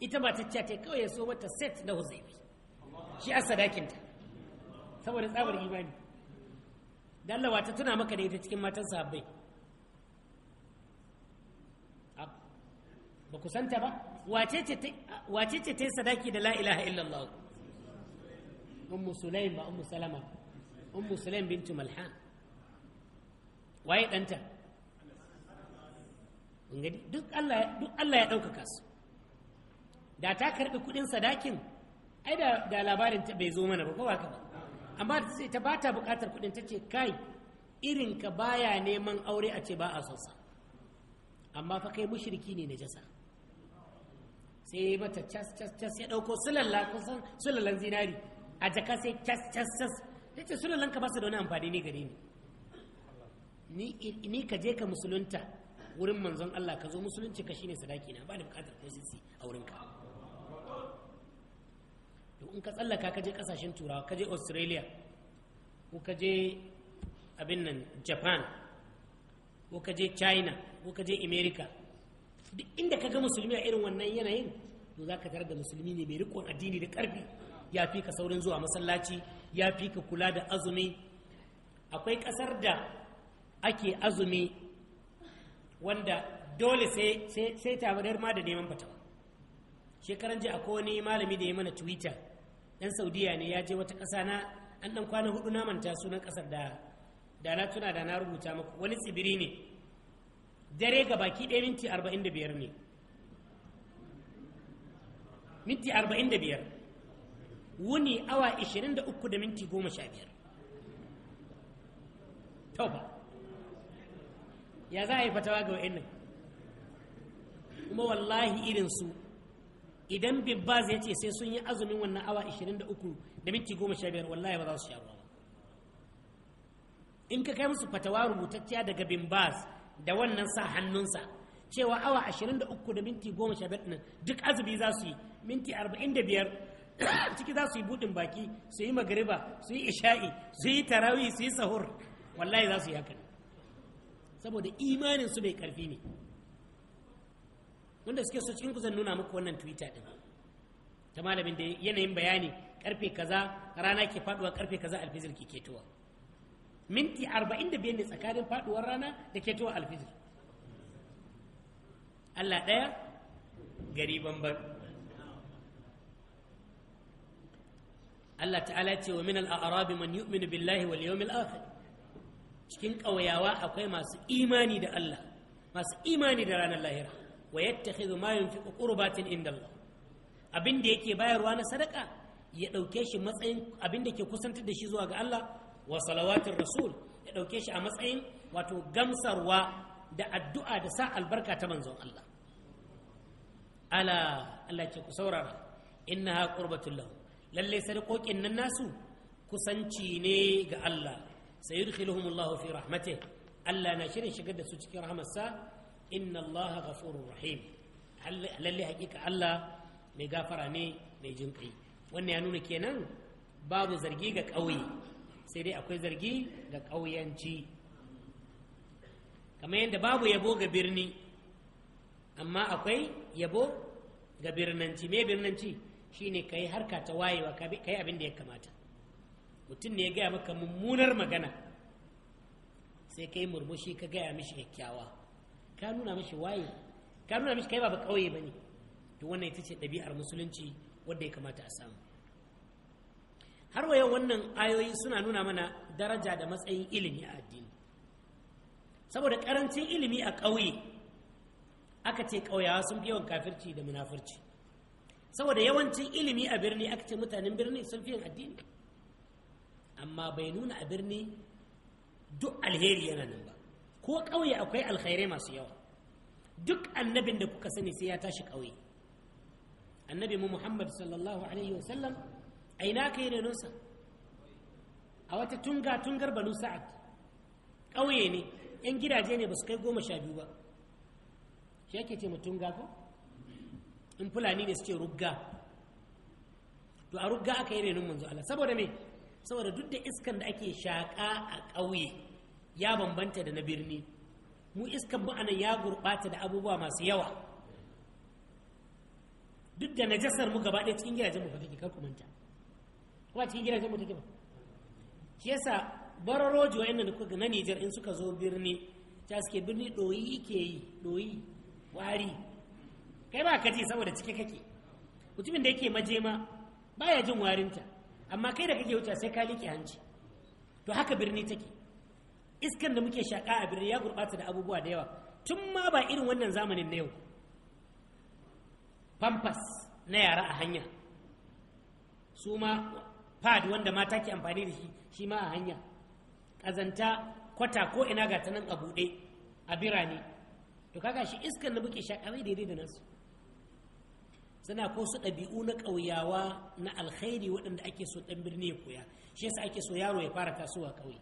A: ita ba ta ce kawai ya so mata set na huzaibi shi a sadakinta saboda tsabar imani da dallawa ta tuna maka da ita cikin matan sahabbai ba ku santa ba wace ce ta yi sadaki da la ilaha illallah ummu sulaim ba ummu salama ummu sulaim bintu malhan waye ɗanta duk Allah ya ɗaukaka su da ta karɓi kuɗin sadakin ai da labarin ta bai zo mana ba ko ba ba amma da ce ta ba ta bukatar kuɗin ta ce kai irinka baya neman aure a ce ba a sonsa amma fa kai mushriki ne na jasa sai mata cas cas cas ya ɗauko sulallan zinari a jaka sai cas cas cas ya ce sulallan ka ba su da wani amfani ne gare ni ni ka je ka musulunta wurin manzon Allah ka zo musulunci ka shine sadaki na ba da bukatar ko sisi a wurin ka to in ka tsallaka ka je kasashen turawa ka je australia ko ka je abin nan japan ko ka je china ko ka je america duk inda ka ga musulmi a irin wannan yanayin to za ka tarar da musulmi ne mai rikon addini da karfi ya fi ka saurin zuwa masallaci ya fi ka kula da azumi akwai kasar da ake azumi wanda dole sai tabarar ma da neman fata shekaran ji akwai wani malami da ya mana twitter dan saudiya ne ya je wata ƙasa na an ɗan kwana hudu na manta sunan ƙasar da da na tuna da na rubuta maku wani tsibiri ne dare ga baki ɗaya minti arba'in da biyar ne minti arba'in da biyar wuni awa ishirin da uku da minti goma sha biyar tauba ya za a yi fatawa ga wa'in nan kuma wallahi irinsu idan baz ya ce sai sun yi azumin wannan awa 23 da minti 15 wallahi ba za su sha ruwa ba in ka kai musu fatawa rubutacciya daga bin baz da wannan sa hannunsa cewa awa 23 da minti 15 nan duk azumi za su yi minti 45 ciki za su yi budin baki su yi magariba su yi isha'i su yi tarawih su yi sahur wallahi za su yi haka saboda imanin su mai karfi ne wanda suke so cikin kusan nuna muku wannan twitter din ta malamin da yanayin bayani karfe kaza rana ke faduwa karfe kaza alfijir ke ketowa minti 45 ne tsakanin faduwar rana da ketowa alfijir Allah ɗaya gari bamban Allah ta'ala ce wa min al-a'rabi man yu'minu billahi wal yawmil akhir cikin ƙauyawa akwai masu imani da Allah masu imani da ranar lahira wa yattakhidhu ma yunfiqu qurbatin inda Allah yake bayarwa na sadaka ya dauke shi matsayin abinda ke kusantar da shi zuwa ga Allah wa salawatin rasul ya dauke shi a matsayin wato gamsarwa da addu'a da sa albarka ta manzon Allah ala Allah ce ku saurara innaha qurbatul lahu lalle sadakokin nan nasu kusanci ne ga Allah sayudkhiluhumullahu fi rahmatihi Allah na shirin shigar da su cikin rahmarsa inna allaha ghafurur rahim lalle hakika Allah mai gafara ne mai jin kai wannan ya nuna kenan babu zargi ga ƙauye sai dai akwai zargi ga ƙauyanci kamar yadda babu yabo ga birni amma akwai yabo ga birnanci me birnanci shine ka yi harka ta wayewa ka yi abin da ya kamata mutum ne ya gaya maka mummunar magana sai ka yi murmushi ka gaya mishi kyakkyawa ka nuna mishi waye ka nuna mishi kai ba kauye bane to wannan ita ce ɗabi'ar musulunci wadda ya kamata a samu har wa yau wannan ayoyi suna nuna mana daraja da matsayin ilimi a addini saboda karancin ilimi a ƙauye aka ce ƙauyawa sun fi yawan kafirci da munafurci saboda yawancin ilimi a birni aka ce mutanen birni sun fi yin addini amma bai nuna a birni duk alheri yana nan ba ko ƙauye akwai alkhairai masu yawa duk annabin da kuka sani sai ya tashi ƙauye annabi mu muhammad sallallahu alaihi wasallam a ina ka yi renonsa a wata tunga tungar banu sa'ad ƙauye ne yan gidaje ne ba su kai goma sha biyu ba shi ake ce tunga ko in fulani ne su ce rugga to a rugga aka yi renon manzo Allah saboda me saboda duk da iskan da ake shaƙa a ƙauye ya bambanta da na birni mu iskan anan ya gurɓata da abubuwa masu yawa duk da najasar mu gaba ɗaya cikin gidajen mu fa kake karku manta kuma cikin gidajen mu take ba shi yasa bararoji wa'annan da kuka na Nijar in suka zo birni ta suke birni ɗoyi ke yi ɗoyi wari kai ba ka ji saboda cike kake mutumin da yake majema baya jin warinta amma kai da kake wuta sai ka liƙe hanci to haka birni take iskan da muke shaƙa a birni ya gurɓata da abubuwa da yawa tun ma ba irin wannan zamanin na yau pampas na yara a hanya su ma pad wanda mata ke amfani da shi shi ma a hanya ƙazanta kwata ko ina ga ta nan a buɗe a birane to kaga shi iskan da muke shaƙa mai daidai da nasu suna ko su ɗabi'u na ƙauyawa na alkhairi waɗanda ake so ɗan birni ya koya shi yasa ake so yaro ya fara tasowa ƙauye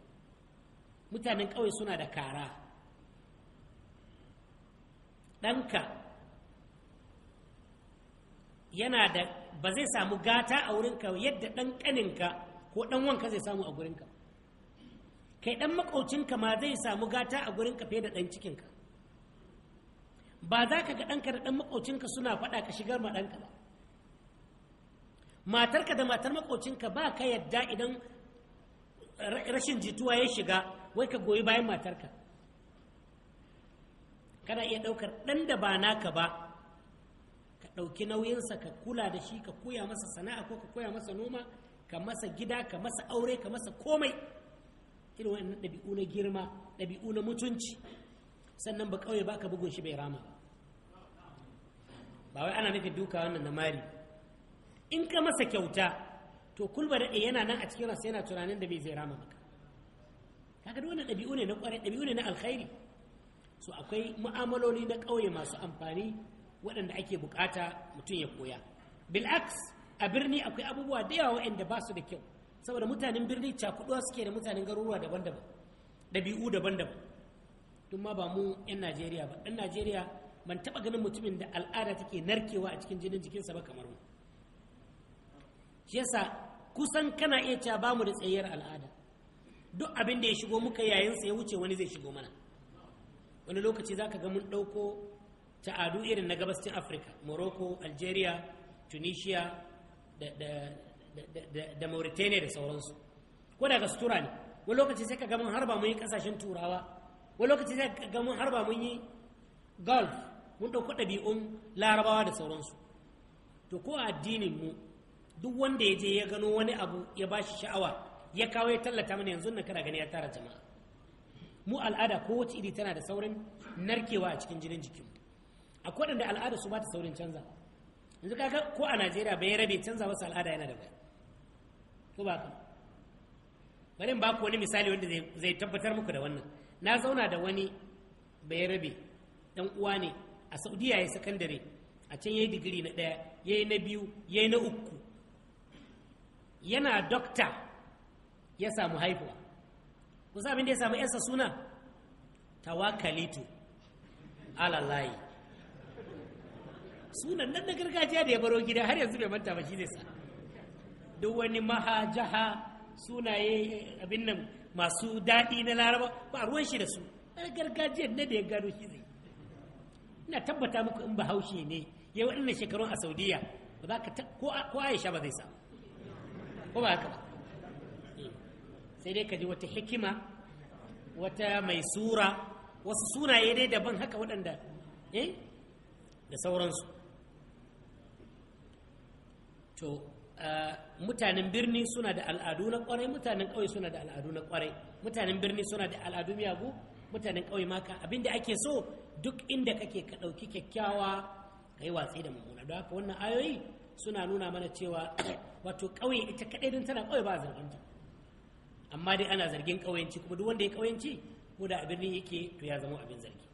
A: mutanen ƙauye suna da kara ɗanka yana da ba zai samu gata a wurinka yadda ɗan ƙaninka ko ɗan wanka zai samu a gurinka kai ɗan maƙocinka ma zai samu gata a gurinka fiye da ɗan cikinka ba za ka ga ɗanka da ɗan maƙocinka suna faɗa ka shigar ma ɗanka ba matarka da matar maƙocinka ba ka yadda idan rashin jituwa ya shiga wai ka goyi bayan matarka kana iya ɗaukar ɗan da ba naka ba ka ɗauki nauyinsa ka kula da shi ka koya masa sana'a ko ka koya masa noma ka masa gida ka masa aure ka masa komai irin wannan ɗabi'u na girma ɗabi'u na mutunci sannan ba ƙauye ba ka bugun shi bai rama ba wai ana nufin duka wannan na mari in ka masa kyauta to kulba daɗe yana nan a cikin rasa yana tunanin da bai zai rama maka kaga wannan ɗabi'u ne na ƙwarai ɗabi'u ne na alkhairi so akwai mu'amaloli na ƙauye masu amfani waɗanda ake buƙata mutum ya koya bil'aks a birni akwai abubuwa da yawa waɗanda ba su da kyau saboda mutanen birni cakuɗuwa suke da mutanen garuruwa daban-daban ɗabi'u daban-daban tun ma ba mu 'yan najeriya ba ɗan najeriya ban taɓa ganin mutumin da al'ada take narkewa a cikin jinin jikinsa ba kamar mu shi yasa kusan kana iya cewa ba mu da tsayayyar al'ada duk abin da ya shigo muka yayin sa ya wuce wani zai shigo mana wani lokaci za ka ga mun ɗauko ta'adu irin na gabascin afirka morocco algeria tunisia da mauritania da sauransu ko daga sutura ne wani lokaci sai ka ga mun harba mun yi kasashen turawa wani lokaci sai ka ga mun harba mun yi golf mun ɗauko ɗabi'un larabawa da sauransu to ko addinin mu duk wanda ya je ya gano wani abu ya ba shi sha'awa ya kawo ya tallata mana yanzu na kana gani ya tara jama'a mu al'ada ko wace iri tana da saurin narkewa a cikin jinin jikin akwai wanda al'ada su ba ta saurin canza yanzu kaga ko a najeriya bai rabe canza wasu al'ada yana da bai ko ba ka bari ba ku wani misali wanda zai tabbatar muku da wannan na zauna da wani bai rabe dan uwa ne a saudiya ya sakandare a can yayi digiri na ɗaya yayi na biyu yayi na uku yana dokta ya samu haifuwa ku abin da ya samu yansa suna tawakalitu alalai sunan nan na gargajiya da ya baro gida har yanzu bai manta ba shi zai sa duk wani mahajaha sunaye abin nan masu daɗi na laraba ba ruwan shi da su a gargajiyar na da ya gano shi zai ina tabbata muku in bahaushe ne ya waɗannan shekarun a saudiya ba za ka ko aisha ba zai samu ko ba haka ba sai dai ka ji wata hikima wata mai sura wasu sunaye dai daban haka waɗanda eh da sauransu to mutanen birni suna da al'adu na kwarai mutanen ƙauye suna da al'adu na kwarai mutanen birni suna da al'adu miyagu mutanen ƙauye maka abinda ake so duk inda kake ka ɗauki kyakkyawa ka yi watsi da mummuna don haka wannan ayoyi suna nuna mana cewa wato ƙauye ita kaɗai don tana ƙauye ba ta amma dai ana zargin ƙauyenci kuma duk wanda ya ƙauyenci ko da a birni yake to ya zama abin zargi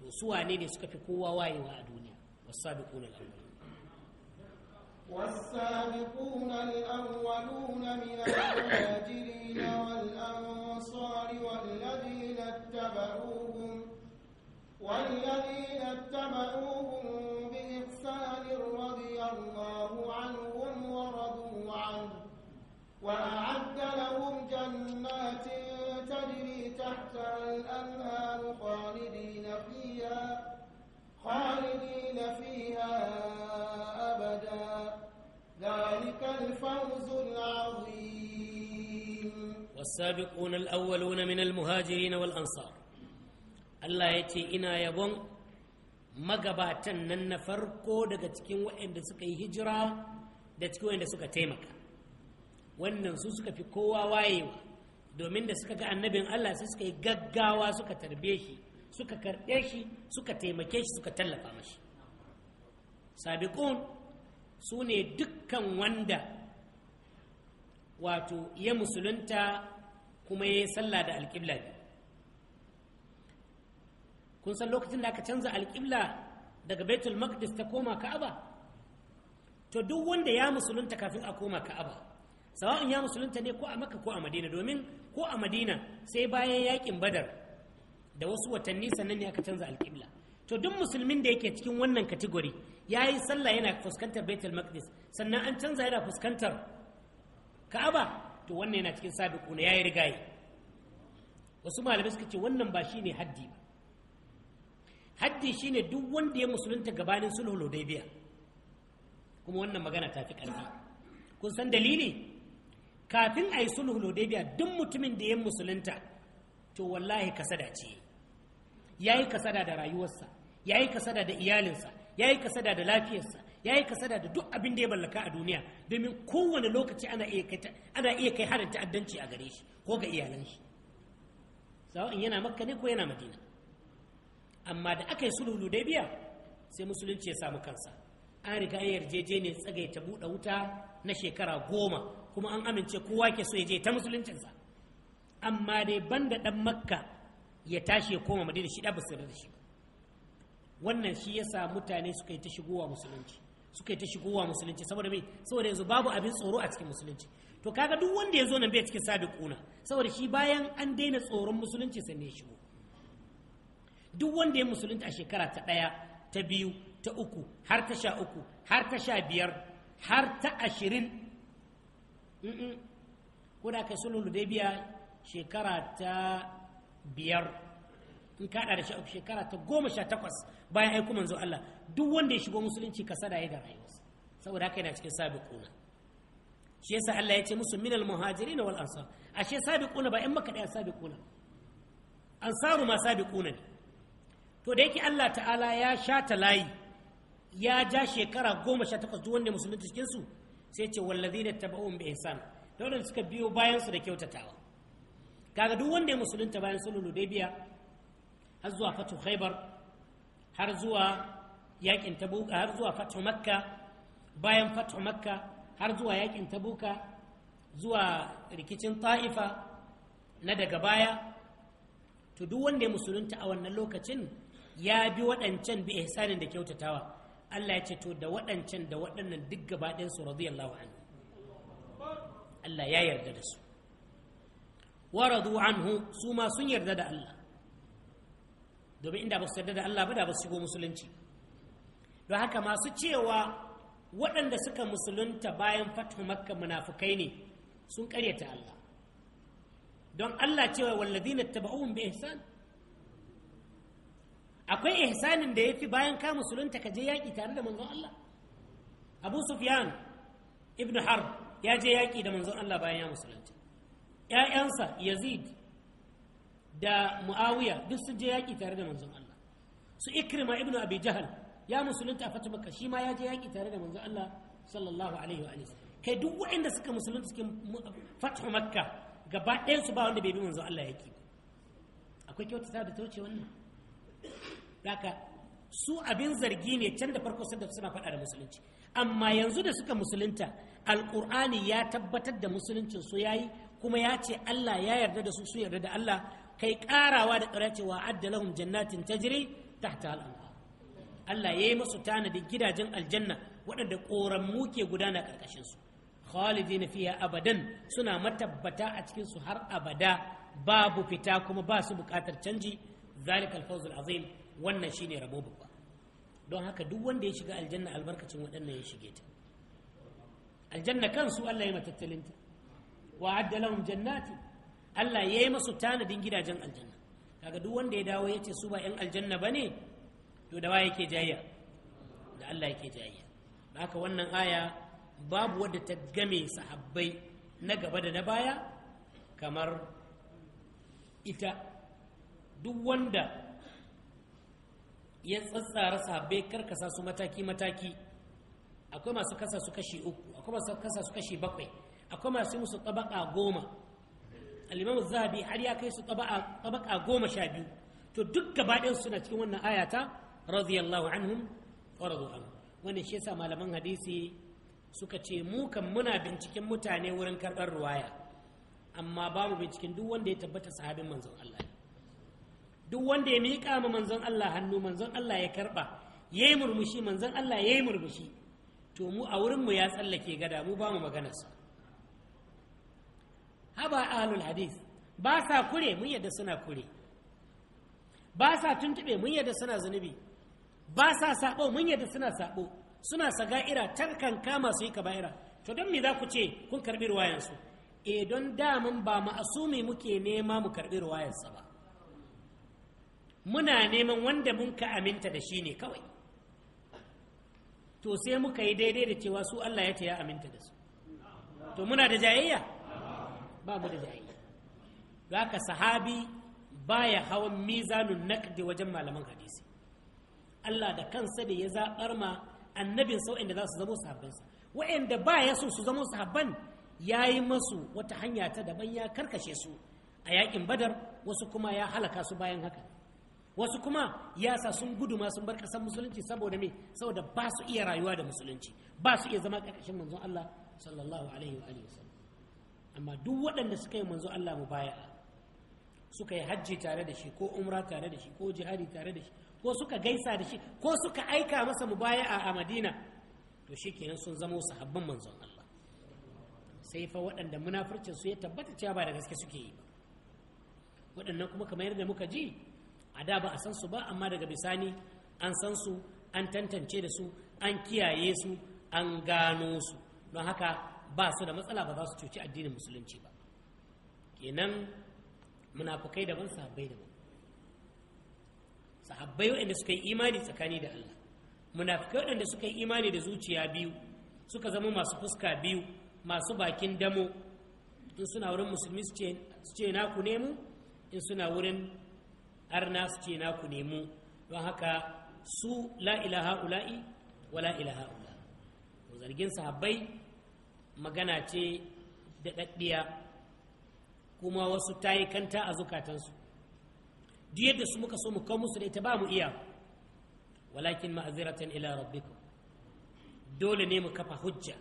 A: to su wane ne suka fi kowa wayewa a duniya wasabiquna al
B: awwaluna wasabiquna al awwaluna min al muhajirin wal ansar wal ladina ittaba'uhum wal ladina ittaba'uhum bi ihsan radiya Allahu anhum وأعد لهم جنات تجري تحت الأنهار خالدين فيها خالدين فيها أبدا ذلك الفوز العظيم
A: والسابقون الأولون من المهاجرين والأنصار الله يتي إنا يبون magabatan nan na farko daga cikin waɗanda suka yi hijira da cikin waɗanda suka taimaka wannan su suka fi kowa wayewa domin da suka ga annabin Allah sai suka yi gaggawa suka tarbe shi suka karɓe shi suka taimake shi suka tallafa mashi sabiqun su ne dukkan wanda wato ya musulunta kuma ya yi sallah da alƙibla kun san lokacin da aka canza alƙibla daga baitul maqdis ta koma ka'aba to duk wanda ya musulunta kafin a koma ka'aba sawa'in ya musulunta ne ko a maka ko a madina domin ko a madina sai bayan yakin badar da wasu watanni sannan ne aka canza alƙibla to duk musulmin da yake cikin wannan kategori ya yi sallah yana fuskantar baitul maqdis sannan an canza yana fuskantar ka'aba to wannan yana cikin sabiquna yayi rigaye wasu malamai suka ce wannan ba shine haddi ba haddi shine duk wanda ya musulunta gabanin sulhul hudaybiya kuma wannan magana ta fi ƙarfi kun san dalili kafin a yi sulhu hudaybiya duk mutumin da ya musulunta to wallahi kasada ce yayi kasada da rayuwarsa yayi kasada da iyalinsa yayi kasada da lafiyarsa yayi kasada da duk abin da ya mallaka a duniya domin kowane lokaci ana iya kai ana harin ta'addanci a gare shi ko ga iyalan shi in yana makka ne ko yana madina amma da aka yi sulhu hudaybiya sai musulunci ya samu kansa an riga yarjejeniyar tsagaita buɗe wuta na shekara goma kuma an amince kowa ke so ya je ta musuluncinsa amma dai banda dan makka ya tashi ya koma madina shi da ba da shi wannan shi yasa mutane suka yi ta shigowa musulunci suka yi ta shigowa musulunci saboda me saboda yanzu babu abin tsoro a cikin musulunci to kaga duk wanda ya zo nan bai cikin sabiquna saboda shi bayan an daina tsoron musulunci sai ne shigo duk wanda ya musulunta a shekara ta ɗaya ta biyu ta uku har ta sha uku har ta sha biyar har ta ashirin ko da aka sulhul hudaybiya shekara ta biyar in ka da shekara ta goma sha takwas bayan aiko manzo Allah duk wanda ya shigo musulunci kasada ya da rayuwarsa saboda haka yana cikin sabiquna shi yasa Allah ya ce musu al muhajirin wal ansar ashe sabiquna ba in maka da sabiquna ansaru ma sabiquna ne to da yake Allah ta'ala ya sha ta layi ya ja shekara goma sha takwas duk wanda musulunci cikin su sai ce wallazina tabauhum bi ihsan dole suka biyo bayan su da kyautatawa kaga duk wanda ya musulunta bayan sulhul hudaybiya har zuwa fatu khaybar har zuwa yakin tabuka har zuwa fatu makka bayan fatu makka har zuwa yakin tabuka zuwa rikicin ta'ifa na daga baya to duk wanda ya musulunta a wannan lokacin ya bi waɗancan bi ihsanin da kyautatawa Allah ya ce to da waɗancan da waɗannan duk gaba ɗayan su radiyallahu anhu Allah ya yarda da su wa radu anhu su ma sun yarda da Allah domin inda ba su yarda da Allah ba da ba su shigo musulunci don haka masu cewa waɗanda suka musulunta bayan fatu makka munafukai ne sun ƙaryata Allah don Allah cewa walladina taba'uhum bi ihsan akwai ihsanin da yafi bayan ka musulunta ka je yaƙi tare da manzon Allah Abu Sufyan ibn Harb ya je yaƙi da manzon Allah bayan ya musulunta ƴaƴansa Yazid da Muawiya duk sun je yaƙi tare da manzon Allah su Ikrima ibn Abi Jahal ya musulunta a Fatu Makka shi ma ya je yaƙi tare da manzon Allah sallallahu alaihi wa alihi kai duk waɗanda suka musulunta cikin Fatu Makka gaba ɗayan su ba wanda bai bi manzon Allah yaƙi akwai kyautata da ta wuce wannan haka su abin zargi ne can da farko sun suna faɗa da musulunci amma yanzu da suka musulunta alƙur'ani ya tabbatar da musuluncin su ya yi kuma ya ce Allah ya yarda da su su yarda da Allah kai ƙarawa da ƙarya cewa adda lahum jannatin tajri tahta al Allah ya yi masu tanadi gidajen aljanna waɗanda ƙoramu ke gudana ƙarƙashin su na fiha abadan suna matabbata a cikin su har abada babu fita kuma ba su buƙatar canji zalikal fawzul azim wannan shine rabo babba don haka duk wanda ya shiga aljanna albarkacin waɗannan ya shige ta aljanna kansu Allah ya matattalin ta wa adda lahum jannati Allah ya yi masu tanadin gidajen aljanna kaga duk wanda ya dawo yace su ba yan aljanna bane to da wa yake jayya da Allah yake jayya haka wannan aya babu wadda ta game sahabbai na gaba da na baya kamar ita duk wanda ya tsatsara sahabbai karkasa su mataki-mataki akwai masu kasa su kashi uku akwai masu kasa su kashi bakwai akwai masu musu tabaka goma alimamu zahabi har ya kai su tabaka goma sha biyu to duk gabaɗin suna cikin wannan ayata radiyallahu anhum wa radu anhu wannan shi yasa malaman hadisi suka ce mu kan muna binciken mutane wurin karɓar ruwaya amma babu binciken duk wanda ya tabbata sahabin manzon Allah duk wanda ya miƙa ma manzon Allah hannu manzon Allah ya karɓa ya yi murmushi manzon Allah ya yi murmushi to mu a wurinmu ya tsallake gada mu ba mu maganarsa haba ahlul hadis ba sa kure mun yadda suna kure ba sa tuntube mun yadda suna zunubi ba sa saɓo mun yadda suna sabo suna saga'ira tarkan kama su yi kaba'ira to don me za ku ce kun karɓi ruwayansu e don damun ba ma'asumi muke nema mu karɓi ruwayansa ba muna neman wanda mun ka aminta da shi ne kawai to sai muka yi daidai da cewa su Allah ya ce ya aminta da su to muna da jayayya ba mu da jayayya da haka sahabi baya hawan mizanun naqdi wajen malaman hadisi Allah da kansa da ya zaɓar ma annabin sau inda za su zamo sahabbansa wa'anda ba ya so su zamo sahabban ya yi masu wata hanya ta daban ya karkashe su a yakin badar wasu kuma ya halaka su bayan haka wasu kuma yasa sun gudu ma sun bar kasar musulunci saboda me saboda ba su iya rayuwa da musulunci ba su iya zama ƙarƙashin manzon Allah sallallahu alaihi wa alihi amma duk waɗanda suka yi manzon Allah mubaya'a suka yi hajji tare da shi ko umra tare da shi ko jihadi tare da shi ko suka gaisa da shi ko suka aika masa mubaya'a a Madina to shikenan sun zama sahabban manzon Allah sai fa waɗanda munafircin su ya tabbata cewa ba da gaske suke yi ba waɗannan kuma kamar yadda muka ji a da ba a san su ba amma daga bisani an san su an tantance da su an kiyaye su an gano su don haka ba su da matsala ba za su cuci addinin musulunci ba kenan munafukai daban sahabbai daban sahabbai waɗanda suka yi imani tsakani da Allah munafukai waɗanda suka yi imani da zuciya biyu suka zama masu fuska biyu masu bakin damo in suna wurin musulmi su ce naku ne mu in suna wurin har su ce na ku nemu don haka su la ilaha ula'i wa la ilaha ula zargin sahabbai magana ce da kuma wasu ta yi kanta a zukatansu duk yadda su muka so mu kawo musu da ita ba mu iya walakin ma'aziratan ila rabbikum dole ne mu kafa hujja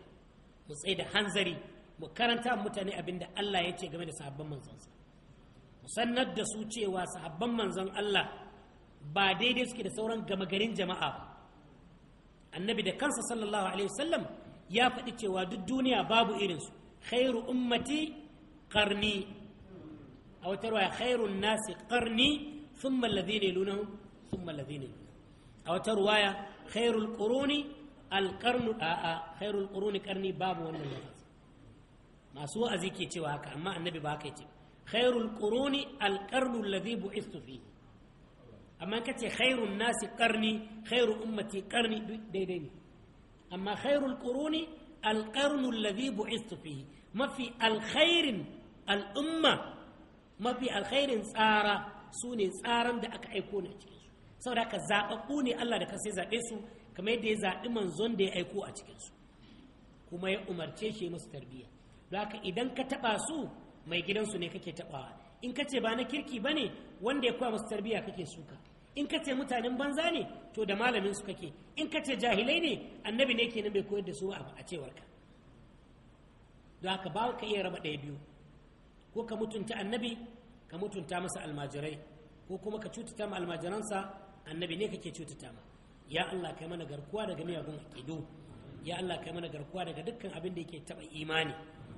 A: mu tsaye da hanzari mu karanta mutane abin da Allah ya ce game da sahabban manzansa sanar da su cewa sahabban manzon Allah ba daidai suke da sauran gama garin jama'a ba annabi da kansa sallallahu alaihi wasallam ya faɗi cewa duk duniya babu irinsu khairu ummati qarni a wata ruwaya khairun nasi qarni thumma alladhina yalunahum thumma alladhina a wata ruwaya khairul quruni alqarnu a'a khairul quruni qarni babu wannan masu wa'azi ke cewa haka amma annabi ba haka ce. khairul kuruni alqarnu alladhi bu'istu fihi amma kace khairun nasi karni khairu ummati qarni daidai ne amma khairul quruni alqarnu alladhi bu'istu fihi mafi alkhairin al'umma mafi alkhairin tsara sune tsaran da aka aiko ne cikin su saboda ka zababbu ne Allah da ka sai zabe su kamar yadda ya zaɓi manzon da ya aiko a cikin kuma ya umarce shi musu tarbiyya haka idan ka taɓa su mai gidansu ne kake tabawa in ka ce ba na kirki ba ne wanda ya koya masu tarbiyya kake suka in ka ce mutanen banza ne to da malamin su kake in ka ce jahilai ne annabi ne kenan bai koyar da su a cewar ka don haka ba ka iya raba ɗaya biyu ko ka mutunta annabi ka mutunta masa almajirai ko kuma ka cutata ma almajiransa annabi ne kake cutata ma ya Allah kai mana garkuwa daga miyagun aqidu ya Allah kai mana garkuwa daga dukkan abin da yake taba imani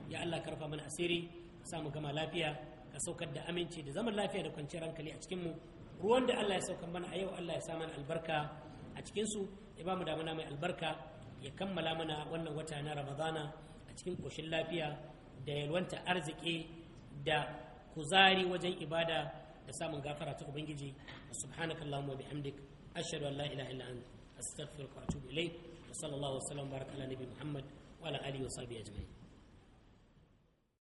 A: ya Allah karfa mana asiri samu gama lafiya ka saukar da aminci da zaman lafiya da kwanciyar hankali a cikinmu ruwan da Allah ya saukar mana a yau Allah ya sa mana albarka a cikinsu ya ba mu damuna mai albarka ya kammala mana wannan wata na ramadana a cikin koshin lafiya da yalwanta arziki da kuzari wajen ibada da samun gafara ta ubangiji subhanakallahumma wa bihamdik ashhadu an la ilaha illa anta astaghfiruka wa atubu ilayk wa sallallahu wa sallam nabi muhammad wa ala